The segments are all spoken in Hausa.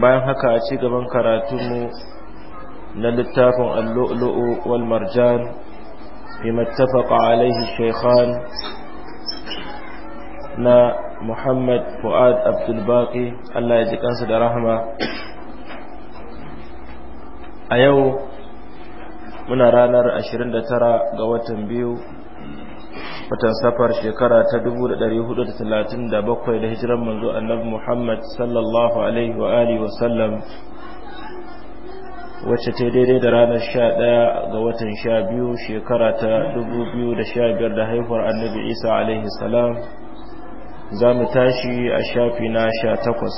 bayan haka a ci gaban karatunmu na littafin allu'lu'u wal marjan bima alaihi shaykhan na Muhammad Fuad Abdul Allah ya ji kansu da rahama a yau muna ranar 29 ga watan biyu watan safar shekara ta 1437 da hijiran manzo annabi Muhammad sallallahu alaihi wa alihi wa sallam wacce ta daidai da ranar 11 ga watan 12 shekara ta 2015 da haihuwar annabi Isa alaihi salam za mu tashi a shafi na 18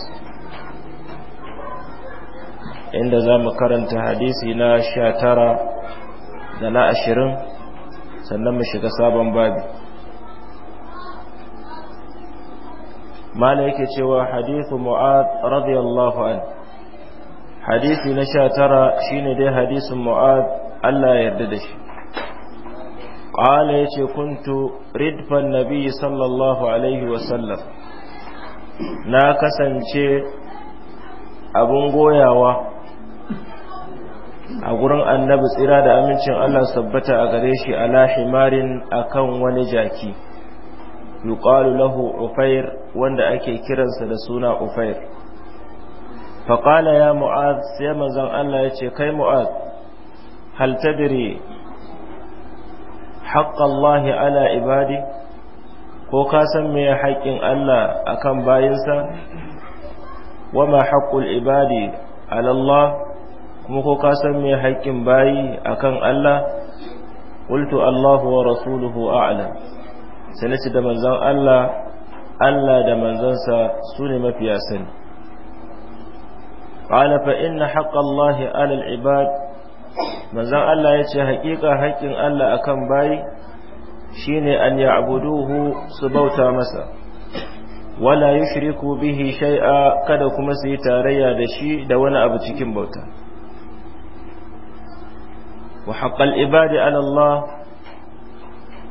inda za mu karanta hadisi na sha tara da na sannan mu shiga sabon babi mala yake cewa hadithu mu'ad radiyallahu an hadisi na sha tara shine dai hadisin mu'ad Allah ya yarda da shi qala yace kuntu ridfan nabiy sallallahu alaihi wa sallam na kasance abun goyawa a gurin annabi tsira da amincin Allah sabbata a gare shi ala himarin kan wani jaki yuƙalu lahu ufair wanda ake kiransa da suna ufair Faƙala ya mu'ad sai manzon Allah ya ce kai mu'ad. hal tadri haqqa Allah ala ibadi ko ka san me haƙƙin Allah akan bayinsa wama haqqul ibadi ala Allah kuma ko ka san me haƙƙin bayi akan Allah qultu Allahu wa rasuluhu a'lam sai nace da manzon Allah Allah da manzon su ne mafiya sani qala fa inna haqqa Allahi 'ala al-ibad manzon Allah yace haƙiƙa haƙƙin Allah akan bayi shine an ya'buduhu su bauta masa wala yushriku bihi shay'a kada kuma su yi tarayya da shi da wani abu cikin bauta wa ibadi ala Allah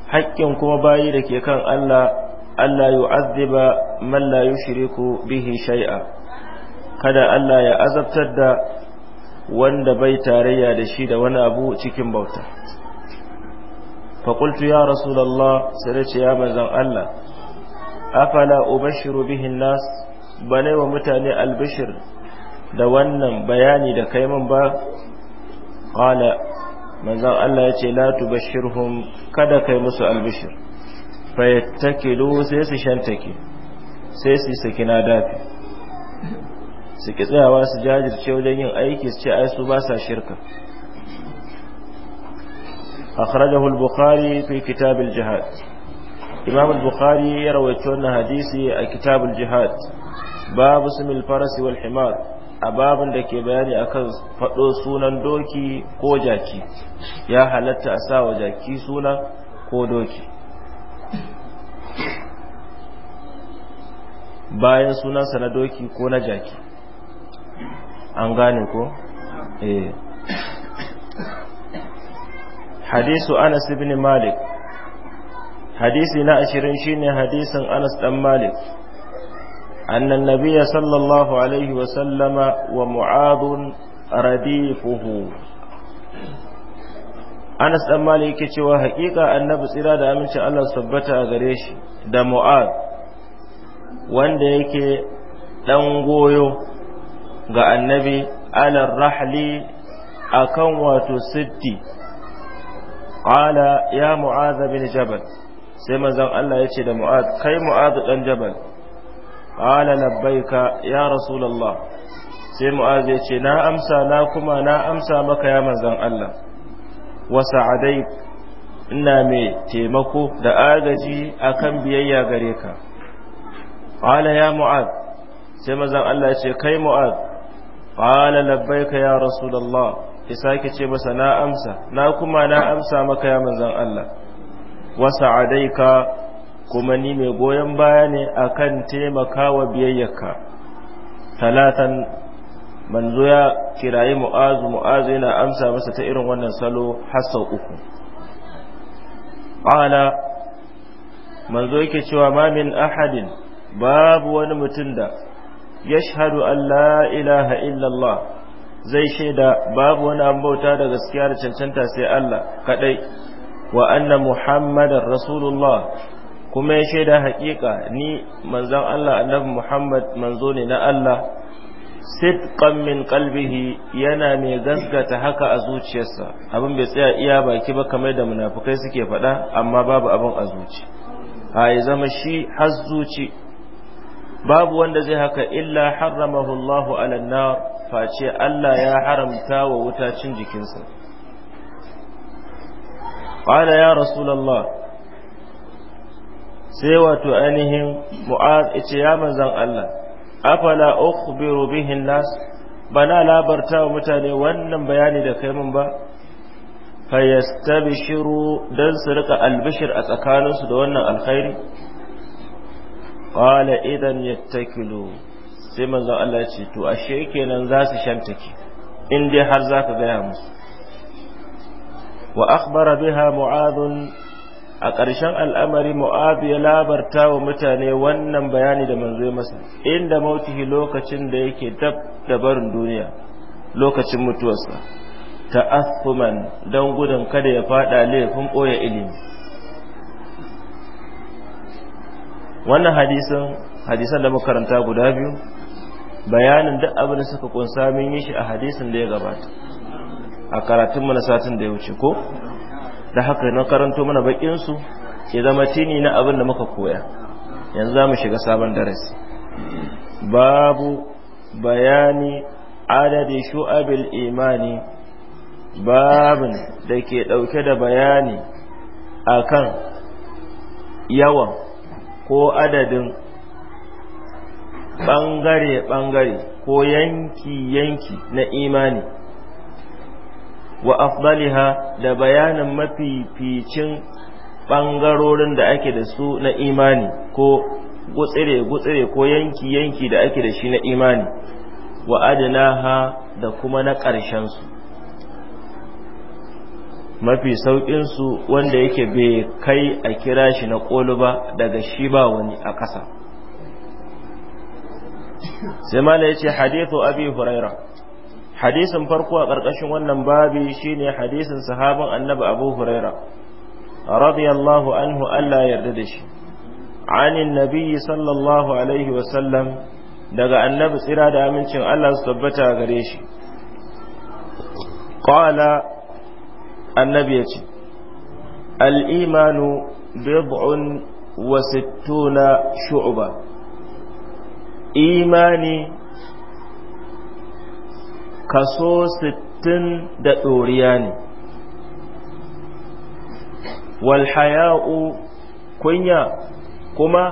haƙƙin kuma bayi da ke kan Allah Allah yu'azziba man shirya yushriku bihi shai'a, kada Allah ya azabtar da wanda bai tarayya da shi da wani abu cikin bauta faƙultu ya rasulallah sai ya manzan Allah afala ubashiru bihin nas ba wa mutane albishir da wannan bayani da kaiman ba ƙala manzan Allah ya ce Latu bashirhun kada kai musu albishir fayattakilu sai su shantake sai su saki na dafi su ki tsayawa su jajirce wajen yin aiki su ce ai su ba sa shirka akhrajahu al-bukhari fi kitab al-jihad imam al-bukhari ya rawaito wannan hadisi a kitab al-jihad babu sumil farasi wal himar a babin da ke bayani akan faɗo sunan doki ko jaki ya halatta a sawa jaki suna ko doki bayan sunansa na doki ko na jaki an gane ko? eh hadisu anas ibn malik hadisi na ashirin shine hadisin anas dan malik أن النبي صلى الله عليه وسلم ومعاذ رديفه Anas dan Malik yake cewa haƙiƙa Annabi tsira da aminci Allah sabbata a gare shi da Mu'ad wanda yake ɗan goyo ga Annabi alar rahli akan wato sitti qala ya Mu'adh bin Jabal sai mazan Allah yace da Mu'ad kai Mu'ad ɗan Jabal qala labbaika ya rasulullah sai mu'az ya ce na amsa na kuma na amsa maka ya manzon Allah wa sa'adai ina mai taimako da agaji akan biyayya gare ka qala ya mu'ad sai manzon Allah ce kai mu'az qala labbaika ya rasulallah ya sake ce masa na amsa na kuma na amsa maka ya manzan Allah wa ka. kuma ni mai goyon baya ne a akan taimakawa biyayyarka talatan manzo ya kirayi mu'azu mu'azu yana amsa masa ta irin wannan salo har uku ala manzo yake cewa ma min ahadin babu wani mutum da ya shahadu Allah ilaha illallah zai shaida babu wani ambauta da gaskiya da cancanta sai Allah kaɗai, wa anna muhammadar rasulullah kuma ya shaida haƙiƙa ni manzon Allah annabi Muhammad manzo ne na Allah sidqan min qalbihi yana mai gaskata haka a zuciyarsa abin bai tsaya iya baki ba kamar da munafukai suke faɗa amma babu abin a zuci ha ya zama shi har zuci babu wanda zai haka illa harramahu Allahu ala nar face Allah ya haramta wa wuta cin jikinsa qala ya rasulullah sai wato ainihin mu'az ce ya manzan Allah afala ukhbiru bihi nas bana labarta wa mutane wannan bayani da kai mun ba yastabshiru dan su rika albishir a tsakaninsu da wannan alkhairi qala idan yattakilu sai manzon Allah ya ce to ashe kenan za su shantake in dai har zaka gaya musu wa akhbara biha mu'adun a ƙarshen al'amari mu'ab ya labarta wa mutane wannan bayani da manzo ya masa inda mautihi lokacin da yake dab da barin duniya lokacin mutuwarsa ta'affuman don gudun kada ya fada laifin ɓoye ilimi wannan hadisan hadisan da makaranta guda biyu bayanin duk abin da suka kunsa min yi shi a hadisin da ya gabata a karatunmu na satin da ya wuce ko da haka na karanto mana bakinsu ya zama tini na abin da muka koya yanzu za mu shiga sabon darasi babu bayani adadi shu'abil imani babin da ke ɗauke da bayani akan yawan ko adadin ɓangare-ɓangare ko yanki-yanki na imani wa afdaliha da bayanin mafificin ɓangarorin da ake da su na imani ko gutsire-gutsire ko yanki-yanki da ake da shi na imani wa adnaha da kuma na ƙarshensu mafi sauƙinsu wanda yake bai kai a kira shi na ƙolu ba daga shi ba wani a ƙasa sai mala ya ce hadithu abi huraira hadisin farko a ƙarƙashin wannan babi shine hadisin sahabin annabi abu huraira radiyallahu anhu Allah yarda da shi anin nabiyyi sallallahu alaihi wasallam daga annabi tsira da amincin Allah su tabbata gare shi qala annabi yace al-imanu bid'un wa sittuna shu'ba imani kaso sittin da ɗoriya ne walhaya'u kunya kuma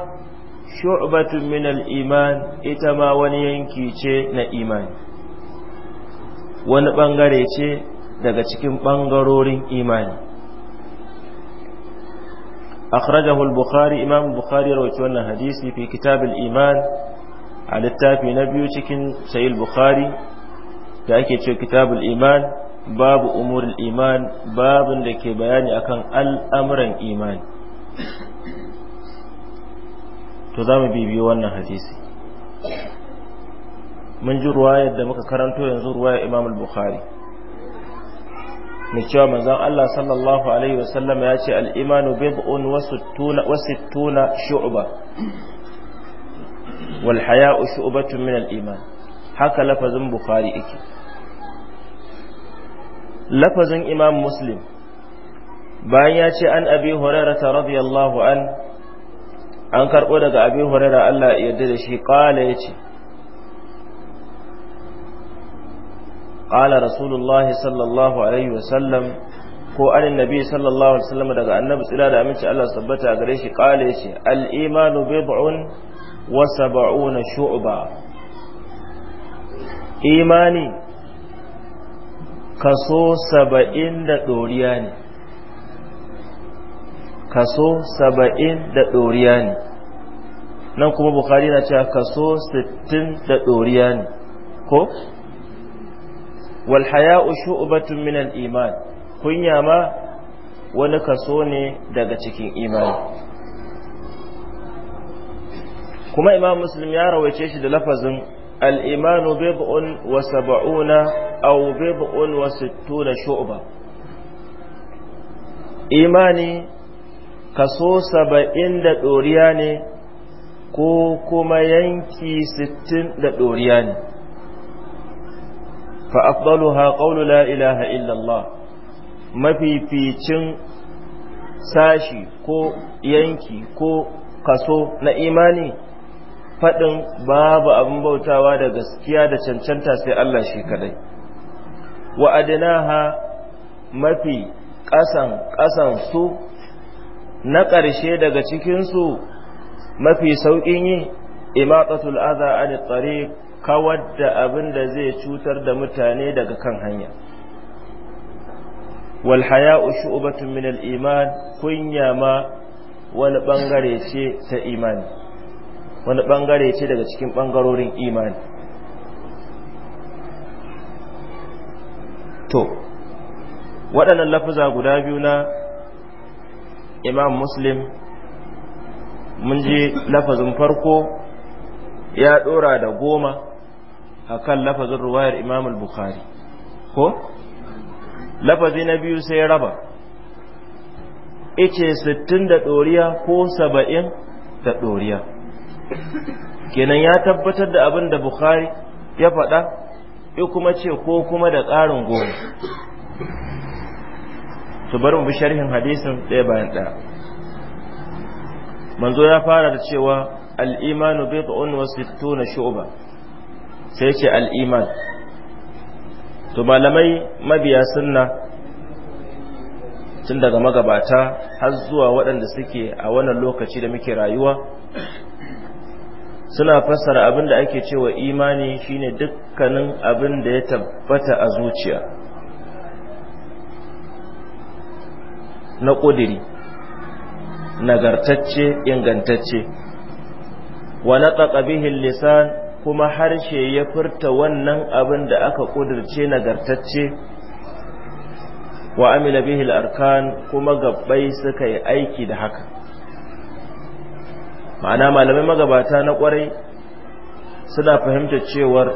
shu'batun min iman ita ma wani yanki ce na imani wani ɓangare ce daga cikin ɓangarorin imani al-bukhari imam bukhari رويت wannan hadisi fi في iman a littafi na biyu cikin Sayyid Bukhari. da ake ce kitabul iman babu umurul iman babin da ke bayani akan al'amuran imani to za mu bibiyo wannan hadisi mun ji ruwayar da muka karanto yanzu ruwayar imam al-bukhari mai cewa manzon Allah sallallahu alaihi wasallam ya ce al-imanu bid'un wasu tuna shu'ba wal haya'u min al-iman haka lafazin bukhari yake lafazin imam muslim bayan ya ce an abi hurairata radiyallahu an an karɓo daga abi hurairah Allah ya yarda da shi ya ce qala rasulullahi sallallahu alaihi wasallam ko an nabi sallallahu alaihi wasallam daga annabi tsira da aminci Allah sabbata gare shi qala yace al imanu bid'un wa sab'una shu'ba imani kaso saba'in da ɗoriya ne kaso saba'in da ɗoriya ne nan kuma bukari na cewa kaso sittin da ɗoriya ne ko walhaya ushu ubatun minan iman kunya ma wani kaso ne daga cikin imani kuma imam muslim ya rawaice shi da lafazin الإيمان بضع وسبعون أو بضع وستون شعبة Imani kaso saba'in da ɗoriya ne ko kuma yanki sittin da ɗoriya ne fa'afdaluha ƙaunu la ilaha illallah mafificin sashi ko yanki ko kaso na imani faɗin babu abin bautawa da gaskiya da cancanta sai Allah shi kadai wa adnaha mafi ƙasan ƙasan su na ƙarshe daga cikinsu mafi sauƙin yi imaqatul adha ani tsare, kawar da abin da zai cutar da mutane daga kan hanya wal haya'u shu'batun min iman kunya ma wani bangare ce ta imani wani bangare ce daga cikin bangarorin imani to waɗannan lafuza guda biyu na imam muslim mun ji lafazin farko ya ɗora da goma a kan lafazin ruwayar imam al-bukhari ko lafazi na biyu sai raba ice sittin da ɗoriya ko saba'in da ɗoriya kenan ya tabbatar da abin da bukhari ya faɗa ya kuma ce ko kuma da ƙarin goma su bari mu bi sharhin hadisin ɗaya bayan ɗaya manzo ya fara da cewa al'imanu wasu tona sittuna shu'ba sai ce al'iman to malamai mabiya sunna tun daga magabata har zuwa waɗanda suke a wannan lokaci da muke rayuwa suna fassara abin da ake cewa imani shine dukkanin abin da ya tabbata a zuciya na ƙudiri nagartacce ingantacce wa na bihin lisan kuma harshe ya furta wannan abin da aka ƙudirce nagartacce wa amila bihil arkan kuma gabbai suka yi aiki da haka ma'ana malamai magabata na kwarai suna fahimtar cewar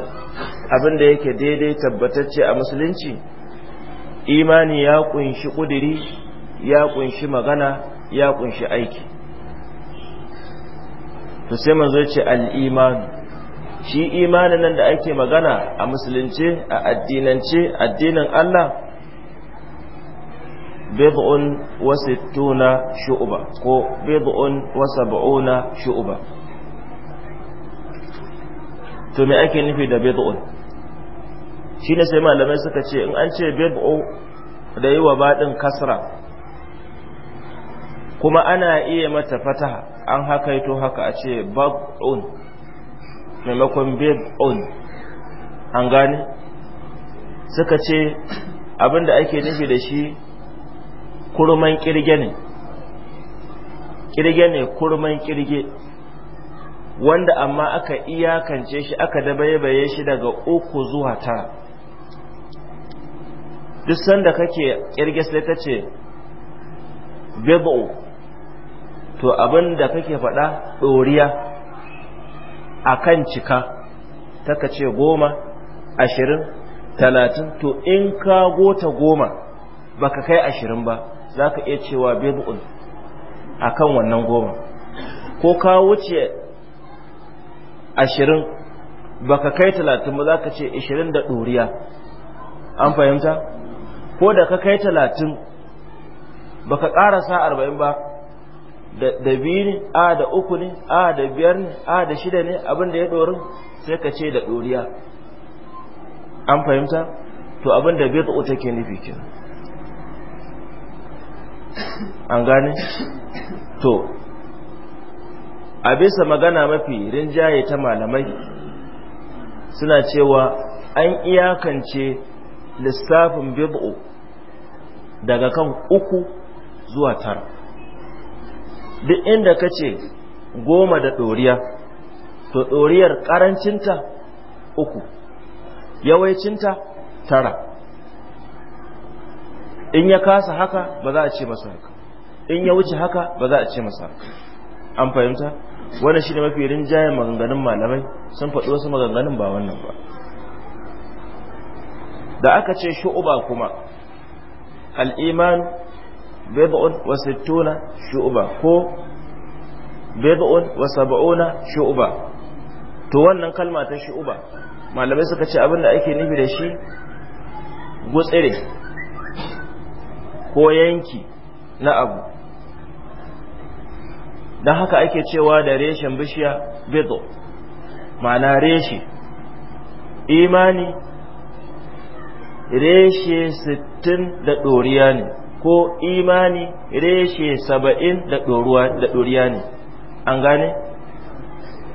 abin da yake daidai tabbatacce a musulunci imani ya kunshi kudiri ya kunshi magana ya kunshi aiki to sai manzo ce al-iman shi imanin nan da ake magana a musulunce a addinance addinin Allah bid'un wa sittuna shu'ba ko bid'un wa sab'una shu'ba to me ake nufi da bid'un shine sai malamai suka ce in an ce bid'u da yi wa badin kasra kuma ana iya mata fataha an hakaito haka a ce bid'un maimakon bid'un an gane suka ce abinda ake nufi da shi kurman kirge ne kirge ne kurman kirge wanda amma aka iyakance shi aka dabaibaye shi daga uku zuwa tara duk sanda kake kirge sai ta ce bebo to abin da kake faɗa ɗoriya a kan cika taka ce goma ashirin talatin to in ka gota goma baka kai ashirin ba za ka iya cewa bid'un a kan wannan goma ko ka wuce ashirin baka kai talatin ba za ka ce ashirin da ɗoriya an fahimta ko da ka kai talatin baka ƙarasa arba'in ba da biyu ne a da uku ne a da biyar ne a da shida ne abin da ya ɗorin sai ka ce da ɗoriya an fahimta to abin da bid'u take nufi kenan an gane to a bisa magana mafi rinjaye ta malamai suna cewa an iyakance lissafin bib'u daga kan uku zuwa tara duk inda ka ce goma da ɗoriya to ɗoriyar ƙarancinta uku yawancinta tara in ya kasa haka ba za a ce masa haka in ya wuce haka ba za a ce masa haka an fahimta wannan shine mafi rinjayen maganganun malamai sun faɗi wasu maganganun ba wannan ba da aka ce shu'uba kuma al'iman bid'un wa sittuna shu'uba ko bid'un wa sab'una shu'uba to wannan kalma ta shu'uba malamai suka ce abin da ake nufi da shi gutsire ko yanki na abu don haka ake cewa da reshen bishiya bido ma'ana reshe imani reshe sittin da ɗoriya ne ko imani reshe saba'in da ɗoriya ne an gane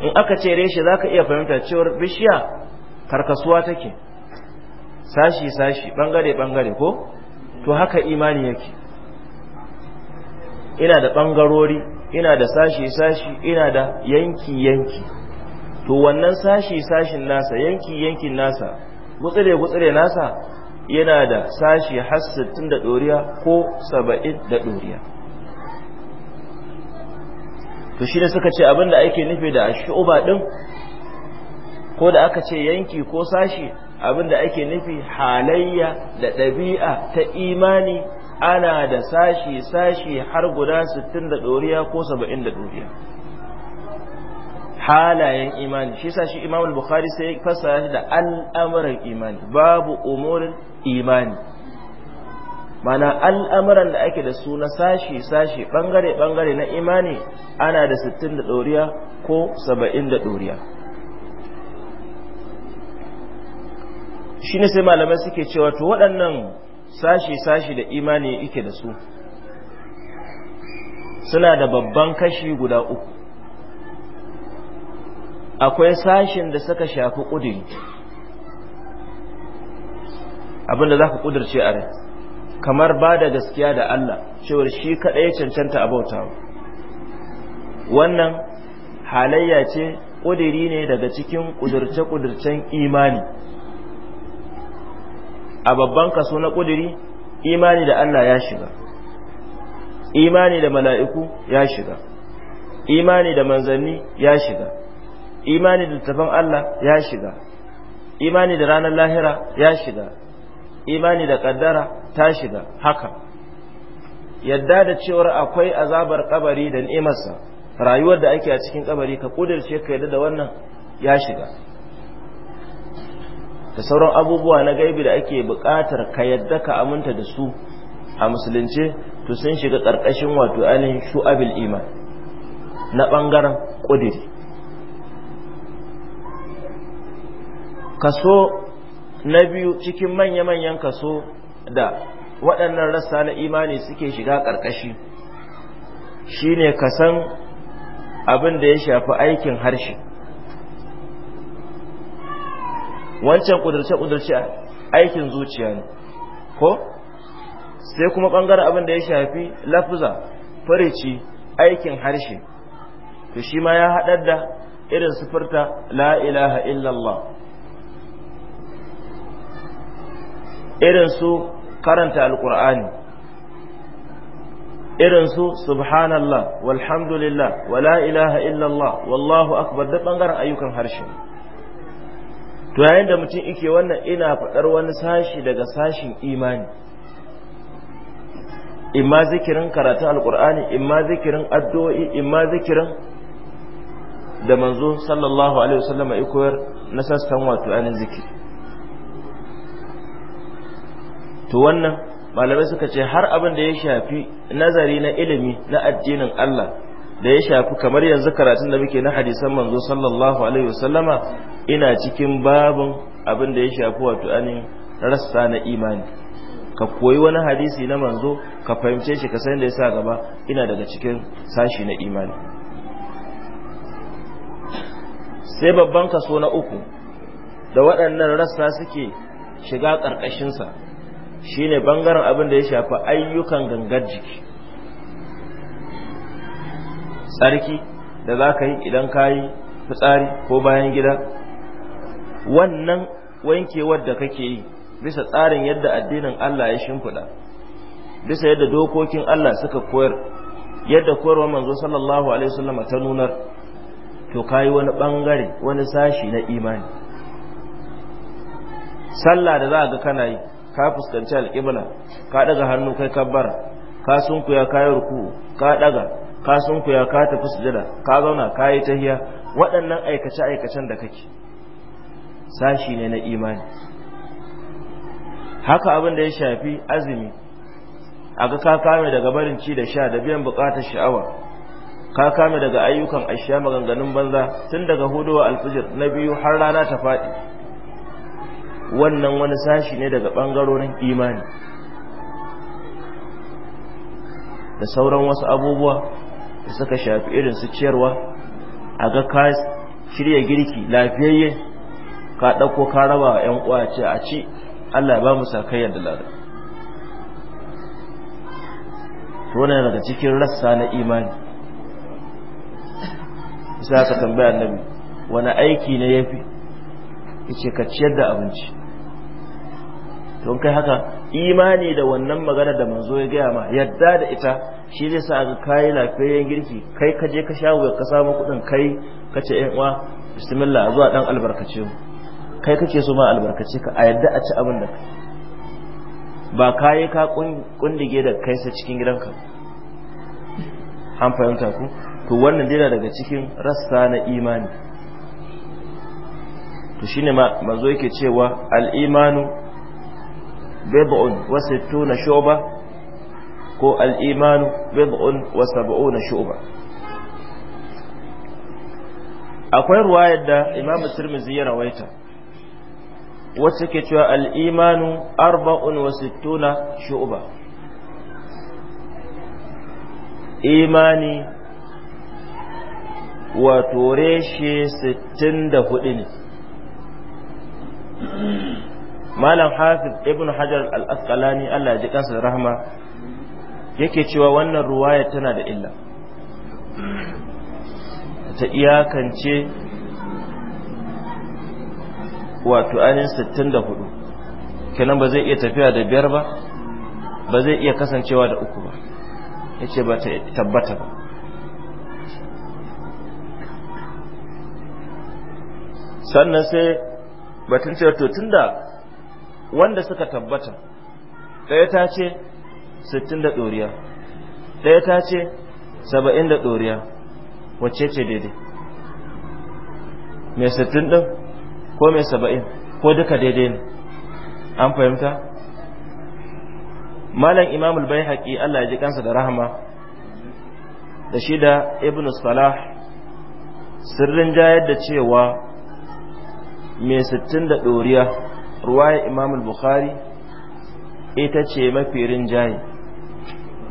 in aka ce reshe za ka iya fahimta cewar bishiya karkasuwa take sashi-sashi ɓangare-ɓangare ko to haka imani yake ina da ɓangarori ina da sashi-sashi ina da yanki-yanki to wannan sashi-sashin nasa yanki-yankin nasa gutsire-gutsire nasa yana da sashi hassattin da ɗoriya ko saba'in da ɗoriya to shi ne suka ce abinda ake nufi da shuba ɗin ko da aka ce yanki ko sashi abinda ake nufi halayya da ɗabi'a ta imani ana da sashi-sashi har guda sittin da ɗoriya ko saba'in da ɗoriya halayen imani shi sashi imamul bukhari sai fassara shi da al'amuran imani babu umurin imani mana al'amuran da ake da su na sashi-sashi ɓangare-ɓangare na imani ana da sittin da ɗoriya ko saba'in da ɗoriya shi ne sai malamai suke cewa to waɗannan sashi-sashi da imani yake da su suna da babban kashi guda uku akwai sashin da suka shafi ƙudiri abinda za ka ƙudirce a rai kamar ba da gaskiya da Allah cewar shi kaɗai cancanta a bauta wannan halayya ce ƙudiri ne daga cikin ƙudirce-ƙudircen imani a babban kaso na ƙuduri imani da Allah ya shiga imani da mala'iku ya shiga imani da manzanni ya shiga imani da tafan Allah ya shiga imani da ranar lahira ya shiga imani da ƙaddara ta shiga haka yadda da cewar akwai azabar kabari da ni'imarsa rayuwar da ake a cikin kabari ka kudirce ka yadda da wannan ya shiga da sauran abubuwa na gaibi da ake buƙatar ka yadda ka aminta da su a musulunce to sun shiga ƙarƙashin wato ainihin shu'abil iman na ɓangaren ƙudiri kaso na biyu cikin manya-manyan kaso da waɗannan rassa na imani suke shiga ƙarƙashi shine kasan abin da ya shafi aikin harshe wancan kudurce kudurce aikin zuciya ne ko sai kuma ɓangaren abin da ya shafi lafuza farici aikin harshe to shi ma ya haɗar da irin sufurta la ilaha illallah irin su karanta alkur'ani irin su subhanallah walhamdulillah wa la ilaha illallah wallahu akbar da bangaren ayyukan harshe to yayin da mutum ike wannan ina faɗar wani sashi daga sashin imani imma zikirin karatun alkur'ani imma zikirin addu'o'i imma zikirin da manzo sallallahu alaihi wasallam ya koyar na sassan wato anin zikiri to wannan malamai suka ce har abin da ya shafi nazari na ilimi na addinin Allah da ya shafi kamar yanzu karatun da muke na hadisan manzo sallallahu alaihi wasallama ina cikin babin abin da ya shafi wato anin rassa na imani ka koyi wani hadisi na manzo ka fahimce shi ka san da yasa gaba ina daga cikin sashi na imani sai babban kaso na uku da waɗannan rassa suke shiga ƙarƙashinsa shine bangaren abin da ya shafi ayyukan gangar jiki tsarki da za ka yi idan ka yi fitsari ko bayan gida wannan wankewar da kake yi bisa tsarin yadda addinin Allah ya shimfiɗa bisa yadda dokokin Allah suka koyar yadda koyarwa manzo sallallahu alaihi wasallam ta nunar to kai wani bangare wani sashi na imani sallah da za ga kana yi ka fuskanci alƙibla ka daga hannu kai kabbara ka sunkuya kai ruku ka daga ka kuya ka tafi sujada ka zauna ka yi tahiya waɗannan aikace aikacen da kake sashi ne na imani haka abin da ya shafi azumi a ga ka daga barin ci da sha da biyan buƙatar sha'awa ka kame daga ayyukan ashiya maganganun banza tun daga hudowa alfijir na biyu har rana ta faɗi wannan wani sashi ne daga ɓangarorin imani da sauran wasu abubuwa da suka shafi irin su ciyarwa a ga ka shirya girki lafiyayye ka ɗauko ka raba wa ‘yan uwa ce a ci Allah ba mu sakayyar da lada to wannan daga cikin rassa na imani sai ka tambaya annabi wani aiki na ya fi ka ciyar da abinci don kai haka imani da wannan magana da manzo ya gaya ma yadda da ita shi zai sa ga kai lafiyayyen girki kai ka je ka sha wuya ka samu kuɗin kai ka ce yan uwa bismillah zuwa dan albarkace mu kai kake so ma albarkace ka a yadda a ci abin da ba kai ka kundige da kai sa cikin gidanka an fahimta ku to wannan dai daga cikin rassa na imani to shine ma manzo yake cewa al-imanu bid'un wa sittuna shu'ba ko al-iman bid'un wa sab'una shu'ba akwai ruwayar da Imam Tirmidhi ya rawaita wacce ke cewa al-iman arba'un wa sittuna shu'ba imani wato reshe 64 ne malam hafiz ibn hajar al-asqalani Allah ya ji kansa rahma yake cewa wannan ruwaya tana da illa ta iyakance wato ainihin 64 kenan ba zai iya tafiya da biyar ba ba zai iya kasancewa da uku ba ya ce ba ta tabbata ba sannan sai batun cewa to tunda wanda suka tabbata ɗaya ta ce sittin da ɗoriya ɗaya ta ce saba'in da ɗoriya wacce ce daidai mai sittin ɗin ko mai saba'in ko duka daidai ne an fahimta malam imamul bai haƙi allah ya ji kansa da rahama da shi da ibn salah sirrin jayar da cewa mai sittin da ɗoriya ruwaya imam al-bukhari ita ce mafi rinjaye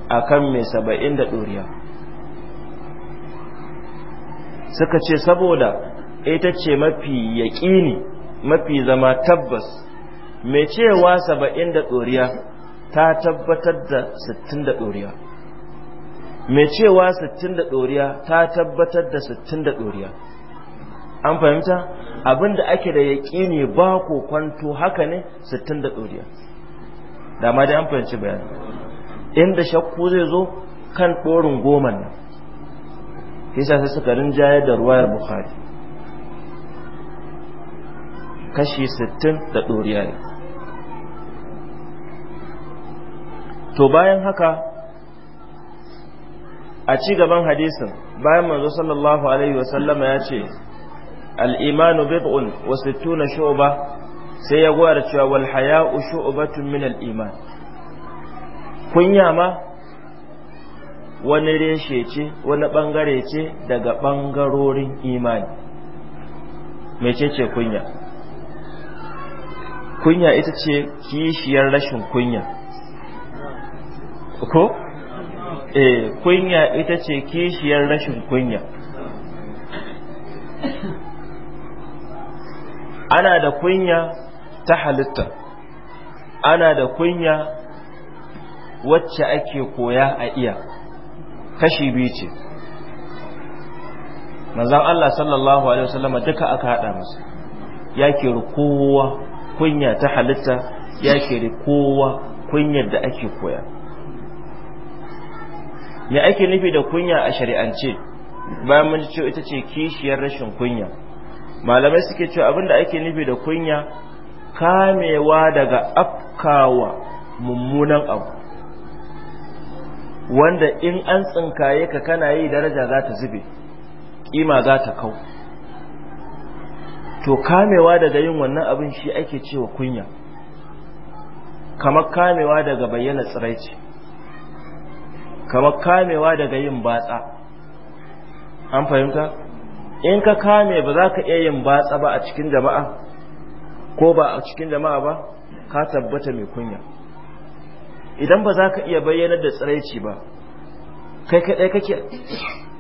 akan mai saba'in da ɗoriya suka ce saboda ita ce mafi yaƙini mafi zama tabbas mai cewa saba'in da ɗoriya ta tabbatar da sittin da ɗoriya mai cewa sittin da ɗoriya ta tabbatar da sittin da ɗoriya an fahimta abinda ake da ne ba ko kwanto haka ne sittin da ɗoriya da ma dai an fahimci bayani inda shakku zai zo kan ɗorin goman nan kisa sai suka rinjaye da ruwayar bukhari kashi sittin da ɗoriya ne to bayan haka a ci gaban hadisin bayan manzo sallallahu alaihi wasallama ya ce الإيمان بضع وستون شعبة shu'ba sai ya goya da cewa wal haya'u shu'batun min al kunya ma wani reshe ce wani bangare ce daga bangarorin imani ce kunya ko eh kunya ita ce kishiyar rashin kunya ana da kunya ta halitta ana da kunya wacce ake koya a iya kashi biyu ce manzan Allah sallallahu alaihi wasallama duka aka hada masa ya kiri kunya ta halitta ya kiri kunya kunyar da ake koya me ake nufi da kunya a shari'ance bayan mun ce ita ce kishiyar rashin kunya malamai suke cewa abinda ake nufi da kunya kamewa daga afkawa mummunan abu wanda in an tsinkaye ka kana yi daraja za ta zube kima za ta kau to kamewa daga yin wannan abin shi ake cewa kunya kamar kamewa daga bayyana tsiraici kamar kamewa daga yin batsa an fahimta in ka kame ba za ka iya yin batsa ba a cikin jama'a ko ba a cikin jama'a ba ka tabbata mai kunya idan ba za ka iya bayyanar da tsiraici ba kai kaɗai kake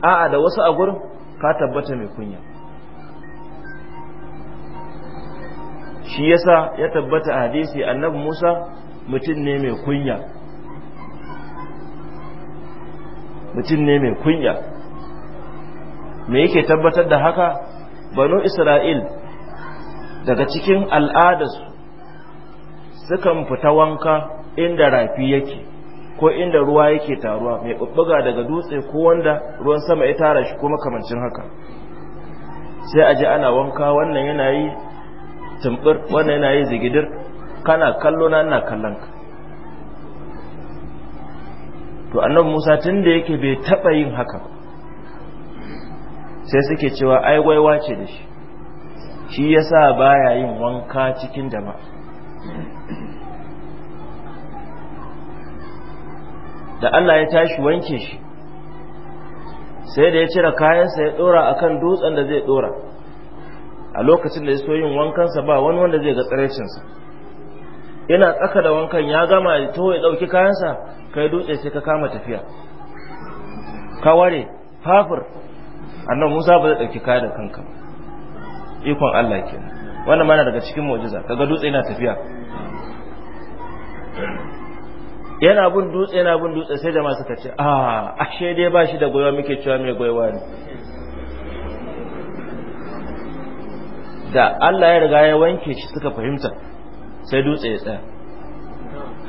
a'a da wasu a gurin ka tabbata mai kunya shi yasa ya tabbata a hadisi annabi musa mutum ne mai kunya mutum ne mai kunya me yake tabbatar da haka banu isra'il daga cikin al'adarsu sukan fita wanka inda rafi yake ko inda ruwa yake taruwa mai bubbuga daga dutse ko wanda ruwan sama ya tara shi ko makamancin haka sai a ji ana wanka wannan yana yi tumbur wannan yana yi zigidir kana kallo na ina kallon ka to annabi Musa tunda yake bai taɓa yin haka ba sai suke cewa ai gwaiwa ce da shi shi ya yasa baya yin wanka cikin dama. da Allah ya tashi wanke shi sai da ya cire kayansa ya dora akan dutsen da zai dora a lokacin da ya so yin wankansa ba wani wanda zai ga tsiraicinsa Ina tsaka da wankan ya gama ya to ya ɗauki kayansa kai dutse sai ka kama tafiya ka ware fafir annan musa ba zai ɗauki kaya da kanka ikon allah kenan wannan mana daga cikin mu'jiza kaga dutse yana tafiya yana bin dutse yana bin dutse sai jama'a suka ce a ah, ashe dai ba shi da goyawa muke cewa mai goyawa ne da Allah ya riga ya wanke shi suka fahimta sai dutse ya tsaya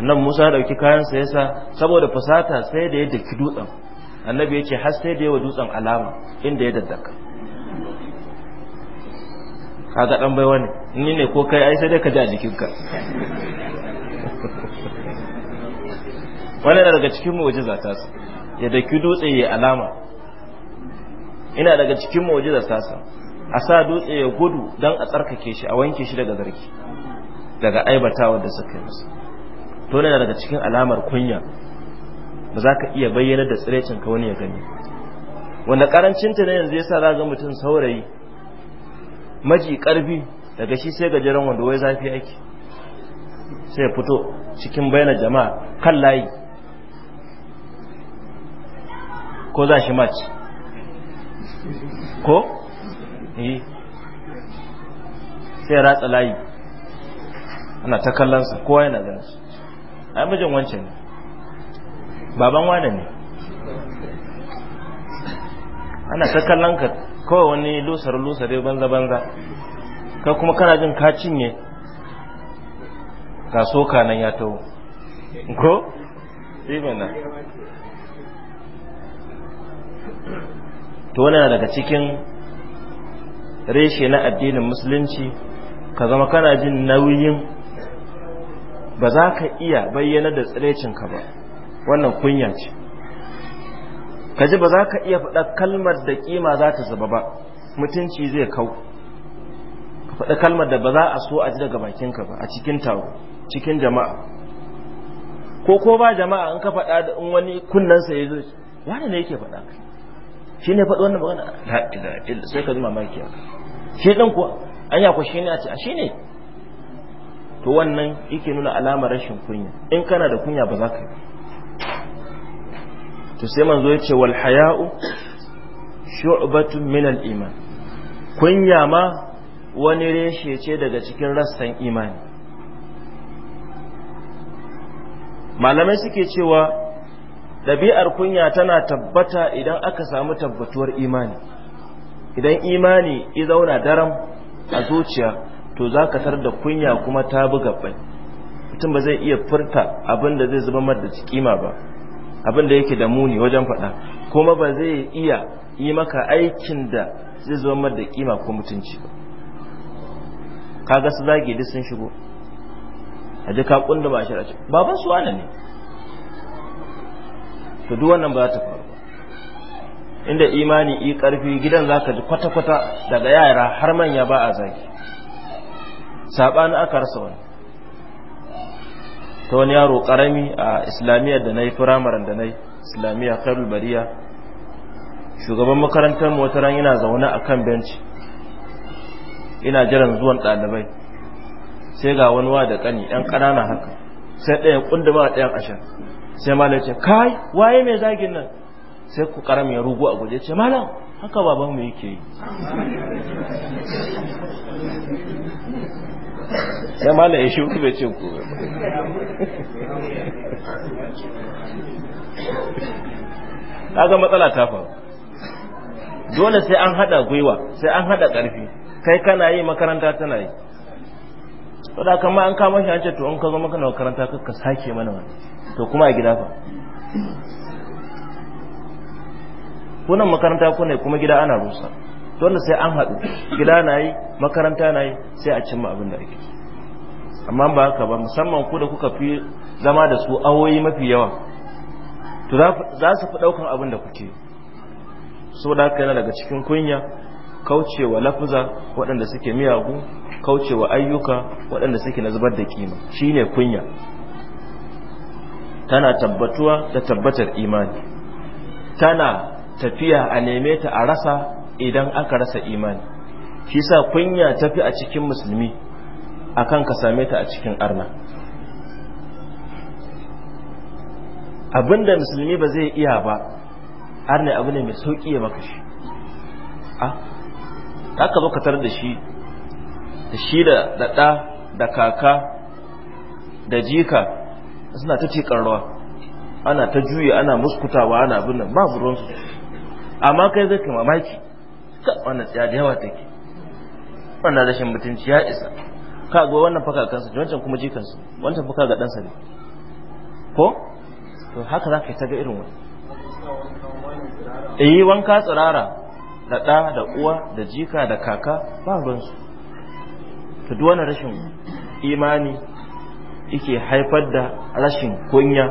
annan Musa ya dauki kayan sa saboda fasata sai da ya daki dutsen annabi yace har sai da yawa dutsen alama inda ya daddaka kaga dan baiwa ne ni ne ko kai ai sai dai ka ji a jikinka wani daga cikin mu'jiza ta su ya daki dutse ya alama ina daga cikin mu'jiza ta su a sa dutse ya gudu don a tsarkake shi a wanke shi daga zargi daga aibatawar da suka yi masa to ne daga cikin alamar kunya ba za ka iya bayyana da tsirecin ka wani ya gani wanda karancin ta ne yanzu yasa za ga mutum saurayi maji karfi daga shi sai gajeren wanda wai zafi ake sai fito cikin bayyana jama'a kan layi ko za shi mace ko eh sai ratsa layi ana ta kallonsa kowa yana ganin su ai mijin wancan ne baban wane ne ana ta kallon ka kawai wani lusar lusar ya banza banza ka kuma kana jin ka cinye ga soka nan ya ta'u. ko ibana to wani daga cikin reshe na addinin musulunci ka zama kana jin nauyin ba za ka iya bayyana da tsirecinka ba wannan kunya ce ka ji ba za ka iya faɗa kalmar da kima za ta zuba ba mutunci zai kau ka faɗa kalmar da ba za a so a ji daga bakinka ba a cikin taro cikin jama'a ko ko ba jama'a in ka faɗa da in wani kunnensa ya zo wani ne yake faɗa shi ne faɗi wannan magana sai ka ji mamaki shi ɗin kuwa an ku shi ne a ce a shi ne to wannan yake nuna alamar rashin kunya in kana da kunya ba za ka yi to sai manzo ya ce wal haya'u shu'batun min iman kunya ma wani reshe ce daga cikin rassan imani malamai suke cewa ɗabi'ar kunya tana tabbata idan aka samu tabbatuwar imani idan imani ya zauna daram a zuciya to za ka tar da kunya kuma ta buga bai mutum ba zai iya furta abin da zai zuba mar da kima ba abin da yake da muni wajen faɗa kuma ba zai iya yi maka aikin da zai zo mar da kima ko mutunci ba kaga su zage duk sun shigo a ji ka kunda ba shi race baban su wane ne to duk wannan ba za ta faru ba inda imani i karfi gidan zaka ji kwata kwata daga yara har manya ba a zage sabani aka rasa wani ta wani yaro karami a islamiyyar da na yi firamaren da na yi islamiyya Kabil bariya shugaban makarantar motaran yana zaune a kan benci ina jiran zuwan ɗalibai sai ga wani wa da ƙani ɗan ƙanana haka sai ɗayan ƙunduma a ɗayan ashirin sai malam ce kai waye mai zagin nan sai ku ya rugu a guje ce malam haka babanmu yake yi sai mala ya shuku bai ce ku kaga matsala ta faru dole sai an hada gwiwa sai an hada karfi kai kana yi makaranta tana yi to da an kama shi an ce to an ka zo maka na makaranta ka sake mana wani to kuma a gida fa kunan makaranta kuna kuma gida ana rusa to sai an haɗu gida na yi makaranta na yi sai a cimma abin da ake amma ba haka ba musamman ku da kuka fi zama da su awoyi mafi yawa to za su fi ɗaukan abin da kuke so da haka yana daga cikin kunya kaucewa lafuza waɗanda suke miyagu kaucewa ayyuka waɗanda suke na zubar da kima shine kunya tana tabbatuwa da tabbatar imani tana tafiya a neme ta a rasa idan aka rasa imani shi sa kunya tafi a cikin musulmi akan ka same ta a cikin arna abinda musulmi ba zai iya ba arna abu ne mai sauƙi ya maka shi ah, a aka bukatar da shi da shi da daɗa da kaka da jika suna ta ce ƙarrawa ana ta juya ana muskutawa ana abin nan ba buronsu amma kai zai kama mamaki ka wannan tsaya da yawa take wannan rashin mutunci ya isa ka ga wannan faka kansa wancan kuma jikansa wancan faka ga ɗansa ne ko to haka za ka yi ta ga irin wani eh wanka tsirara da ɗa da uwa da jika da kaka ba ruwansu to duk wannan rashin imani yake haifar da rashin kunya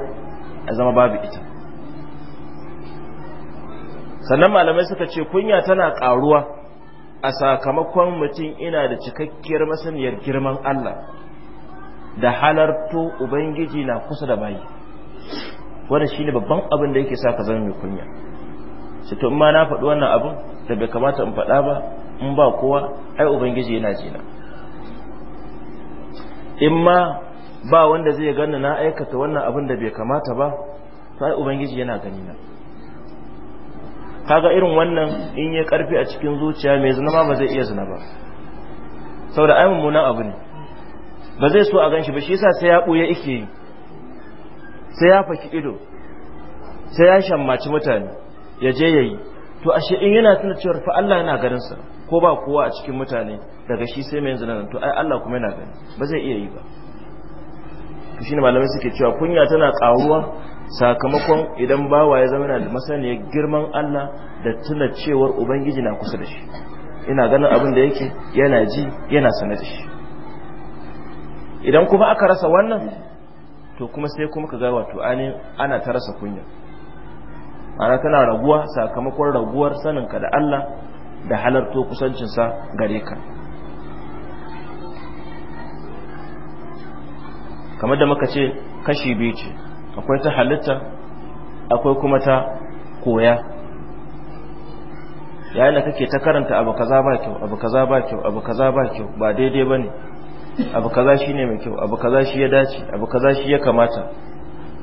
a zama babu ita sannan malamai suka ce kunya tana karuwa a sakamakon mutum ina da cikakkiyar masaniyar girman Allah da halarto ubangiji na kusa da bayi shi shine babban abin da yake sa ka zama mai kunya sai to in ma na faɗi wannan abin da bai kamata in faɗa ba in ba kowa ai ubangiji yana jina in ma ba wanda zai ganna na aikata wannan abin da bai kamata ba to ai ubangiji yana gani na. kaga irin wannan in ya karfi a cikin zuciya mai zina ba zai iya zina ba saboda ai mummunan abu ne ba zai so a ganshi ba shi yasa sai ya buya yake yi sai ya faki ido sai ya shammaci mutane ya je yayi to ashe in yana tuna cewa fa Allah yana ganin sa ko ba kowa a cikin mutane daga shi sai mai zina to ai Allah kuma yana gani ba zai iya yi ba to shine malamai suke cewa kunya tana karuwa sakamakon idan bawa ya zama da masaniyar girman Allah da tuna cewar ubangiji na kusa da shi ina ganin abin da yake yana ji yana sanar da shi idan kuma aka rasa wannan to kuma sai kuma ka ga wato ana ta rasa kunya ana tana raguwa sakamakon raguwar saninka da Allah da halarto kusancinsa gare ka kamar da muka ce kashi biyu ce akwai ta halitta akwai kuma ta koya yayin da kake ta karanta abu kaza ba kyau abu kaza ba kyau abu kaza ba kyau ba daidai bane abu kaza shine mai kyau abu kaza shi ya dace abu kaza shi ya kamata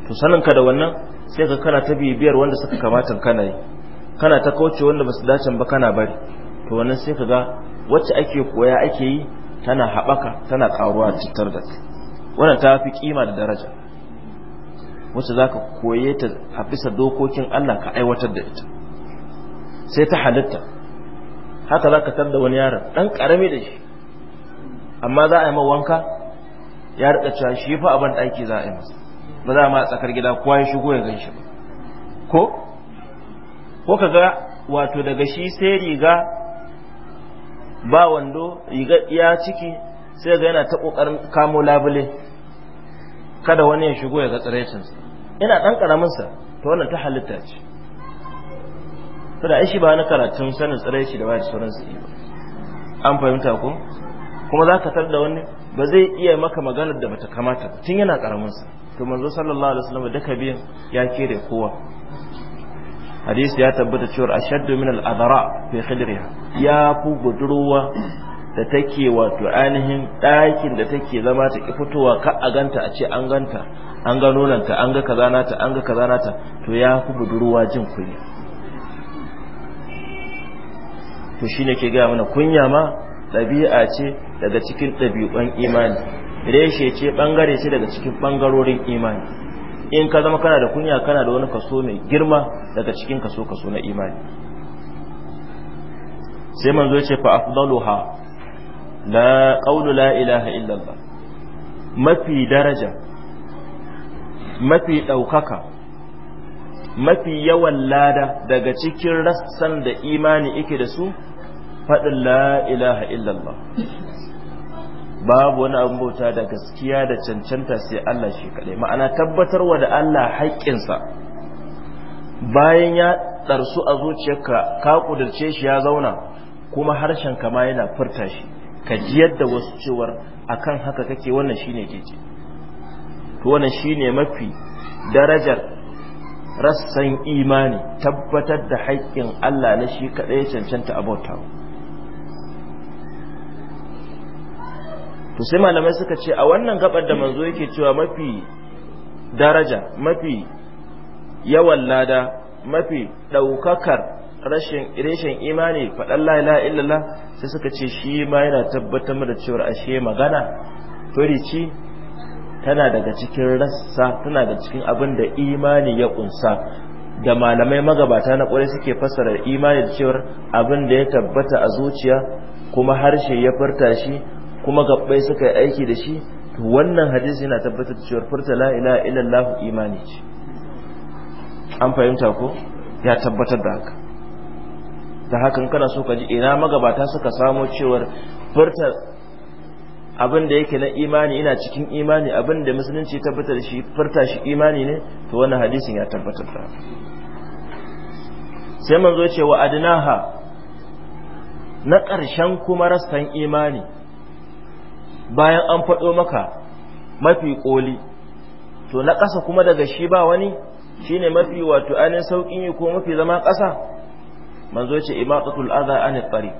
to sanin ka da wannan sai ka kana ta bibiyar wanda suka kamata kana yi kana ta kauce wanda basu dace ba kana bari to wannan sai ka ga wacce ake koya ake yi tana haɓaka tana karuwa a cutar da wannan ta fi kima da daraja wacce za ka koye ta a bisa dokokin Allah ka aiwatar da ita sai ta halitta haka za ka tarda wani yaron ɗan ƙarami da shi amma za a yi wanka ya riƙa cewa shi fa abin ɗaki za a yi masa ba za a ma tsakar gida kowa ya shigo ya gan ba ko ko ka ga wato daga shi sai riga ba wando riga iya ciki sai ga yana ta ƙoƙarin kamo labule kada wani ya shigo ya ga tsiraicinsa ina ɗan ƙaraminsa ta wannan ta halitta ce to aishi ba na karatun sanin tsiraici da ba da sauran su ba an fahimta ko kuma za ka da wani ba zai iya maka maganar da bata kamata tun yana ƙaraminsa to manzo sallallahu alaihi wasallam duka biyan ya kere kowa hadisi ya tabbata cewa ashaddu min al-adara fi khidriha ya ku budurwa da take wato ainihin ɗakin da take zama ta ki fitowa ka a ganta a ce an ganta an ga nonanta an ga kaza an ga kaza to ya fi budurwa jin kunya to shine ke gaya mana kunya ma ɗabi'a ce daga cikin ɗabi'un imani reshe ce ɓangare ce daga cikin ɓangarorin imani in ka zama kana da kunya kana da wani kaso mai girma daga cikin kaso kaso na imani sai manzo ya ce fa afdaluha la qawlu la ilaha illallah mafi daraja mafi ɗaukaka mafi yawan lada daga cikin rassan da imani ike da su faɗin la ilaha illallah babu wani abin bauta da gaskiya da cancanta sai Allah shi kaɗai ma'ana tabbatarwa da Allah haƙƙinsa bayan ya ɗarsu a zuciyarka ka ƙudurce shi ya zauna kuma harshen kama yana furta shi ka ji yadda wasu cewar akan haka kake wannan shine daidai to wannan shine mafi darajar rassan imani tabbatar da haƙƙin Allah na shi kaɗai cancanta abota to sai malamai suka ce a wannan gabar da manzo yake cewa mafi daraja mafi yawan lada mafi ɗaukakar rashin rashin imani faɗan la ilaha illallah sai suka ce shi ma yana tabbatar da cewa ashe magana furici tana daga cikin rassa tana daga cikin abin da imani ya kunsa da malamai magabata na ƙwarai suke fassara imani da cewar abin da ya tabbata a zuciya kuma harshe ya furta shi kuma gabbai suka yi aiki da shi to wannan hadisi yana tabbatar da cewar furta la ilaha illallah imani ce an fahimta ko ya tabbatar da haka ta hakan kana so ka ji ina magabata suka samo cewar furta abin da yake na imani ina cikin imani abin da musulunci tabbatar shi furta shi imani ne to wannan hadisin ya tabbatar da sai manzo ce wa adnaha na ƙarshen kuma rassan imani bayan an faɗo maka mafi koli, to na ƙasa kuma daga shi ba wani shine mafi wato ainihin sauƙin yi ko mafi zama ƙasa manzo ce imatatul adha anil tariq